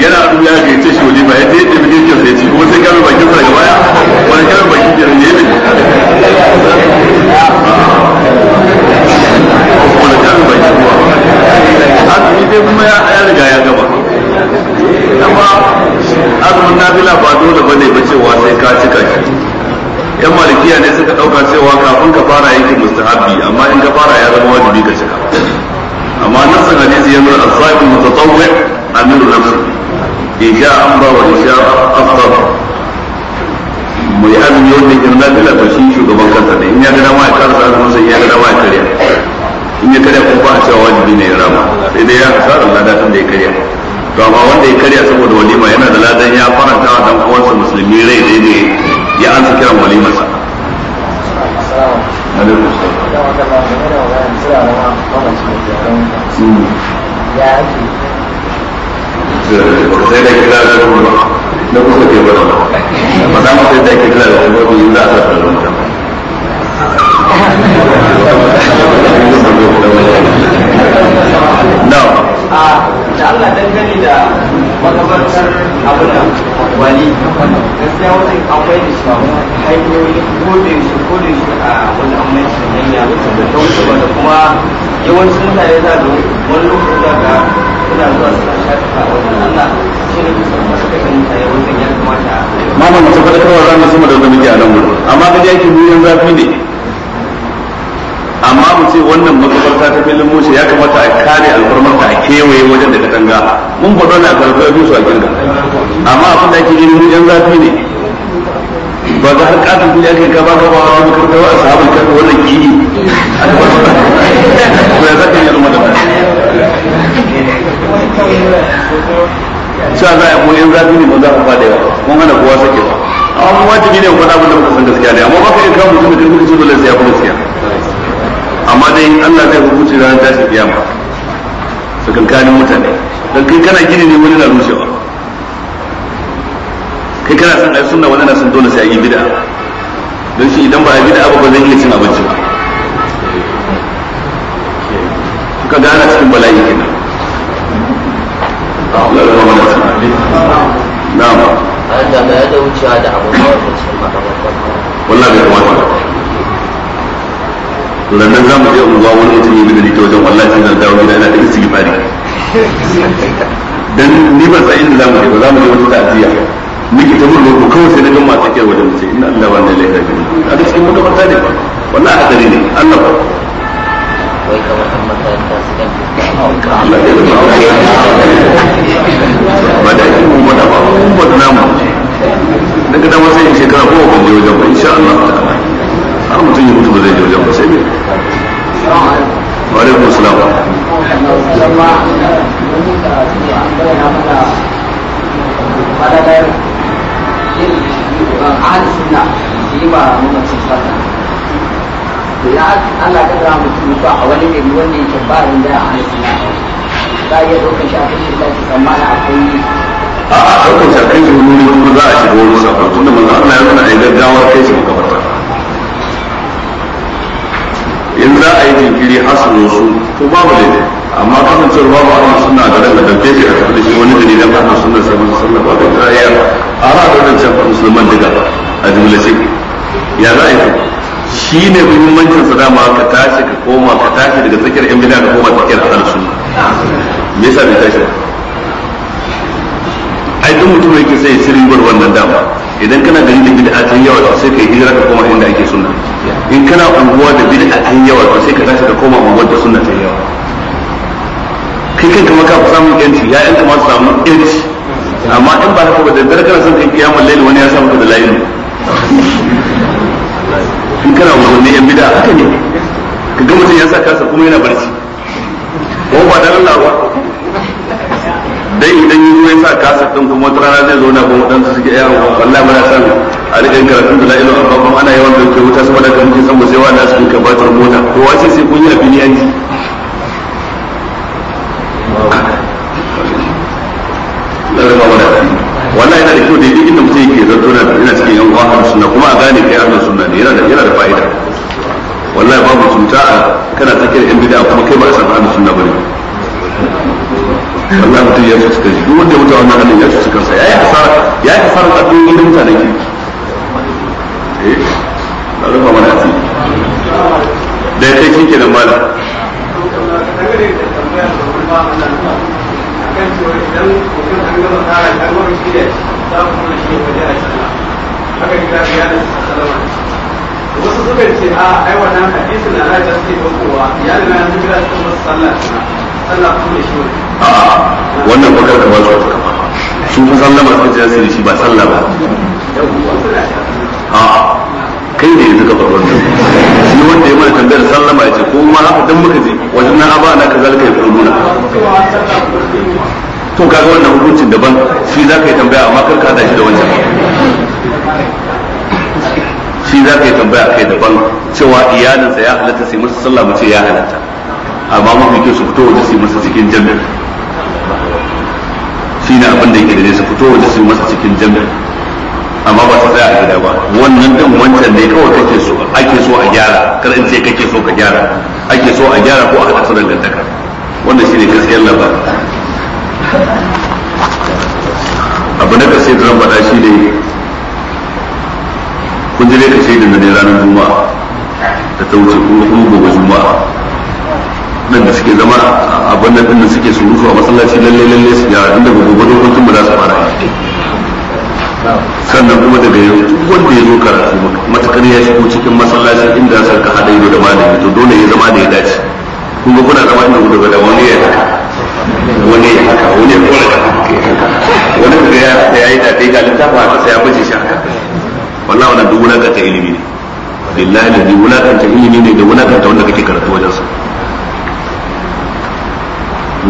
A: yana tsuya ga yace shi wani ba ya je bi bikin sai ci kuma sai kame bakin sa gaba ya? wani kame bakin sa ne ne wani kame bakin ruwa azumi dai kuma ya ya riga ya gaba amma azumin nafila ba dole bane ba cewa sai ka cika shi yan malikiya ne suka dauka cewa kafin ka fara yake mustahabi amma in ka fara ya zama wajibi ka cika amma nasan hadisi yanzu al-sa'ib mutatawwi amiru nafsihi isha an ba wa isha afsar mu yi azumi wanda ke na fila to shi shugaban kansa ne in ya ga dama ya karasa azumin sai ya ga dama ya karya in ya karya kuma ba a cewa wajibi ne ya rama sai dai ya hasarar ladatun da ya karya to amma wanda ya karya saboda walima yana da ladan ya faranta wa dan uwansa musulmi rai dai ne ya ansa kiran walimarsa
D: ya ake sai da kira da kuma na kusa ke bada ba za mu sai da kira da kuma ku yi za a sa ta Now. da Allah dangane da magabatar abin wali gaskiya wannan akwai da shi hanyoyi ko da yaushe ko a wani amince da ya da kuma yawancin mutane za ga wani lokacin da ma mutum faɗa kawai za mu sama
A: da wanda muke a nan wurin amma ka yake miliyan zafi ne amma mu ce wannan makabarta ta filin mushe ya kamata a kare alfarmarta a kewaye wajen da katanga mun faɗo na karfafin dusu a kirga amma abin da ake gani miliyan zafi ne ba za har
D: katon fili ake gaba gaba ba makabarta wa a sahabar
C: ba wannan gini a kamar ba ya zaka yi al'umma da ba
A: sha za a koyi zafi ne ba za ku fada yawa mun hana kowa sake ba amma wajibi ne ku faɗa abin da muka san gaskiya ne amma baka yin kawo mutum da kirkuta dole sai ya fi gaskiya amma dai Allah zai hukunci ranar tashi kiyama tsakankanin mutane dan kai kana gini ne wani na rushewa kai kana san ayi sunna wani na san dole sai ayi bid'a don shi idan ba ayi bid'a ba zai iya cin abinci ba ka gana cikin bala'i kenan ya zama mana
D: sana'a na ba da ga yadda wucewa da abubuwa da cikin makamantar
A: wallah bai kamata to nan za mu je unguwa wani mutum ya bi da ta wajen wallahi sai zan dawo gida ina da istighfari dan ni ban san inda za mu je ba za mu je wata ta'aziyya ta ko mu a ne ne
C: wai
D: kamar ɗan makaranta su kan
A: ba da ake kuma da ba kuma da namu daga dama sai in shekara ko ban je wajen ba insha Allah har mutum ya mutu ba zai je wajen ba sai ne wa alaikum salam
D: yin idan Allah ka ga mutum ba a wani ne wanda yake ba ran da a hannun za a iya ɗaukar shi a kan shirka akwai a a
A: ɗaukar shi a ne kuma za a shiga wani safar tunda manzo Allah ya nuna a yi gaggawar kai shi makabarta in za a yi jinkiri hasan su to babu ne amma kasancewar babu ahmad suna da ran da shi a tafi da shi wani dalilin ahmad suna sabon sallah ba da tsayar a ra da wancan musulman daga a shi ya za a yi shi ne muhimmancin su dama ka tashi ka koma ka tashi daga tsakiyar yan bida ka koma tsakiyar ahal sunna me yasa bai tashi ai duk mutum yake sai ya ci ribar wannan dama idan kana gari da bid'a ta yawa to sai kai hijira ka koma inda ake sunna in kana unguwa da bid'a ta yawa to sai ka tashi ka koma ma da sunna ta yawa kai kanka ma ka samu yanci ya yanka ma samu yanci amma in ba haka ba da dare kana son kai kiyamul wani ya samu da layin in kana umarni yan bida haka ne ka ga mutum ya sa kasa kuma yana barci ko ba da Allah ba dai idan yi ruwa sa kasa din kuma wata rana zai zo na kuma dan su suke yawo wallahi muna san a rikin karatun da la'ilu amma ana yawan dauke wuta saboda kan mutum san ba sai wani asibi ka batar mota ko wace sai kun yi abin yanzu da kyau da yake inda mutum yake zato na ina cikin yan uwa ahlus sunna kuma a gane kai ahlus sunna ne yana da yana da fa'ida wallahi babu cuta kana tsakiyar yan bid'a kuma kai ba a san ahlus sunna bane wallahi mutum ya cuta kansa duk wanda mutum wannan halin ya cuta kansa yayi hasara yayi hasara a duniya mutanen eh da rufa mana ci da kai shi ke nan ba idan mutum
D: an gama tsara kalmar shi da za mu nuna shi waje a haka wasu suka ce a ai wannan hadisin na raja suke na yanzu gida sallah sallah da shi wannan kamar
A: su ta kama su fi sallama suka ce su shi ba sallah ba a kai da yanzu ka faɗi wannan shi wanda ya mana tambayar sallama ya ce ko ma haka dan muka je wajen na abana kazalika ya kuluna to kaga wannan hukuncin daban shi za ka yi tambaya amma kar ka hada shi da wancan shi za ka yi tambaya kai daban cewa iyalinsa ya halatta sai masa sallah mu ce ya halatta amma mafi kyau su fito waje su yi masa cikin jami'a shi ne abin da yake da ne su fito waje su yi masa cikin jami'a amma ba su tsaya a gida ba wannan din wancan ne kawai kake so ake so a gyara kar in ce kake so ka gyara ake so a gyara ko a hada su dangantaka wannan shine gaskiyar labarin abu na kasai zan faɗa shi ne kun ji ka shaidin da ne ranar juma'a da ta wuce kuma gobe juma'a nan da suke zama a bannan din da suke surutu a masallaci lalle lalle su gyara inda gobe dokokin ba za su fara sannan kuma daga yau duk wanda ya zo karatu matakar ya shigo cikin masallacin inda sarka haɗa ido da malami to dole ya zama da ya dace kun kuna zama inda gudu daga da wani ya haka wani ya haka wani ya kora da haka wani da ya ya yi da ta yi ta haka sai ya bace shi haka wallahi wannan duk kanta ilimi ne lillahi da kanta ilimi ne da kanta wanda kake karatu wajen sa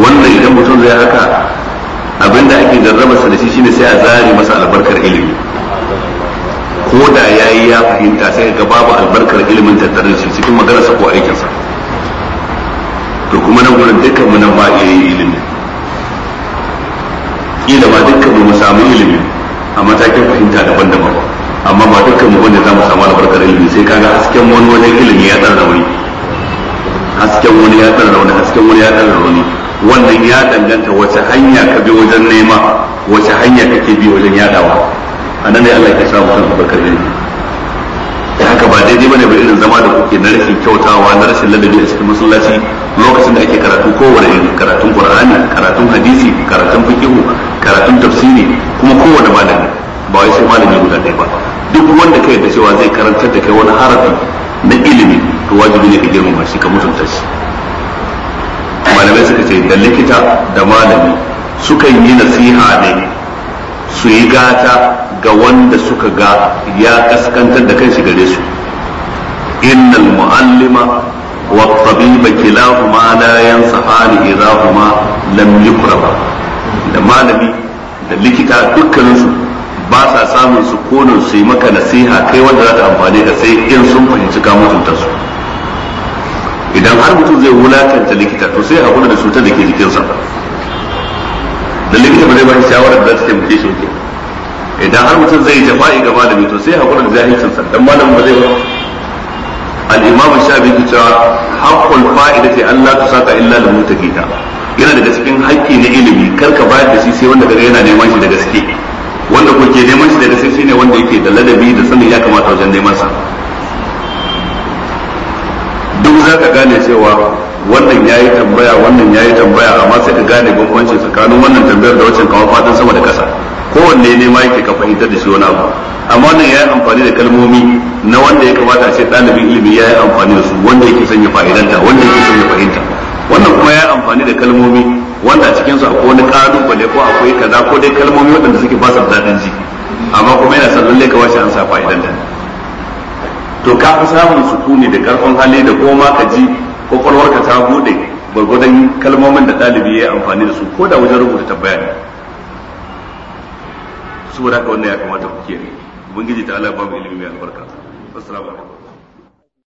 A: wannan idan mutum zai haka abinda ake jarrabarsa da shi shine sai a zare masa albarkar ilimi ko da ya yi ya fahimta sai ga babu albarkar ilimin tattalin shi cikin maganarsa ko aikinsa kuma nan dukkan mu nan ba iya yin ilimin kila ba dukkan mu samu ilimin a matakin fahimta daban-daban ba amma ba dukkan mu bane za mu samu albarkar ilimi sai kaga hasken wani wajen ilimi ya tsara wani hasken wani ya tsara wani hasken wani ya tsara wani wannan ya danganta wace hanya ka bi wajen nema wace hanya kake bi wajen yadawa a nan ne Allah ya samu kan albarkar ilimi haka ba daidai bane ba irin zama da kuke na rashin kyautawa na rashin ladabi a cikin masallaci lokacin da ake karatu kowane irin karatun qur'ani karatun hadisi karatun fiqh karatun tafsiri kuma kowane malami ba wai sai malami guda ɗaya ba duk wanda kai da cewa zai karantar da kai wani harafi na ilimi to wajibi ne ka girmama shi ka mutunta shi malamai suka ce da likita da malami suka yi nasiha ne su yi gata ga wanda suka ga ya kaskantar da kanshi gare su innal mu'allima والطبيب كلاهما لا ينصحان إذا هما لم يقربا da malami da likita dukkaninsu ba sa samun sukunin su yi maka nasiha kai wanda za ta amfani da sai in sun fahimci ka mutunta idan har mutum zai wulakanta likita to sai hakuna da cutar da ke jikinsa
B: da likita ba zai ba shi shawarar
A: da za ta taimake shi idan har mutum zai jafa'i ga malami to sai hakuna da jahilcinsa dan malamin ba zai al'imami imam shafi ke cewa haqqul fa'idati Allah ta saka illa lil yana daga cikin hakki na ilimi karka ba bayar da shi sai wanda yana neman shi da gaske wanda ko ke neman shi da gaske shine wanda yake da ladabi da sanin ya kamata wajen neman sa duk za ka gane cewa wannan ya yi tambaya wannan ya yi tambaya amma sai ka gane bambanci tsakanin wannan tambayar da wacce kawo fatan sama da ƙasa kowanne ne ma yake ka fahimtar da shi wani abu amma nan ya amfani da kalmomi na wanda ya kamata a ce ɗalibin ilimi yayi yi amfani da su wanda yake sanya fa'idanta wanda yake sanya fahimta wannan kuma yayi yi amfani da kalmomi wanda cikin su akwai wani kalubale ko akwai kaza ko dai kalmomi waɗanda suke ba su da daɗin ji amma kuma yana san lalle ka wace an sa fa'idanta to ka fi samun sukuni da karfin hali da koma ka ji kwakwalwarka ta bude gwargwadon kalmomin da ɗalibi ya yi amfani da su ko da wajen rubuta tabbaya ne saboda haka wannan ya kamata ku kiyaye ubangiji ta Allah babu ilimi mai albarka
C: assalamu alaikum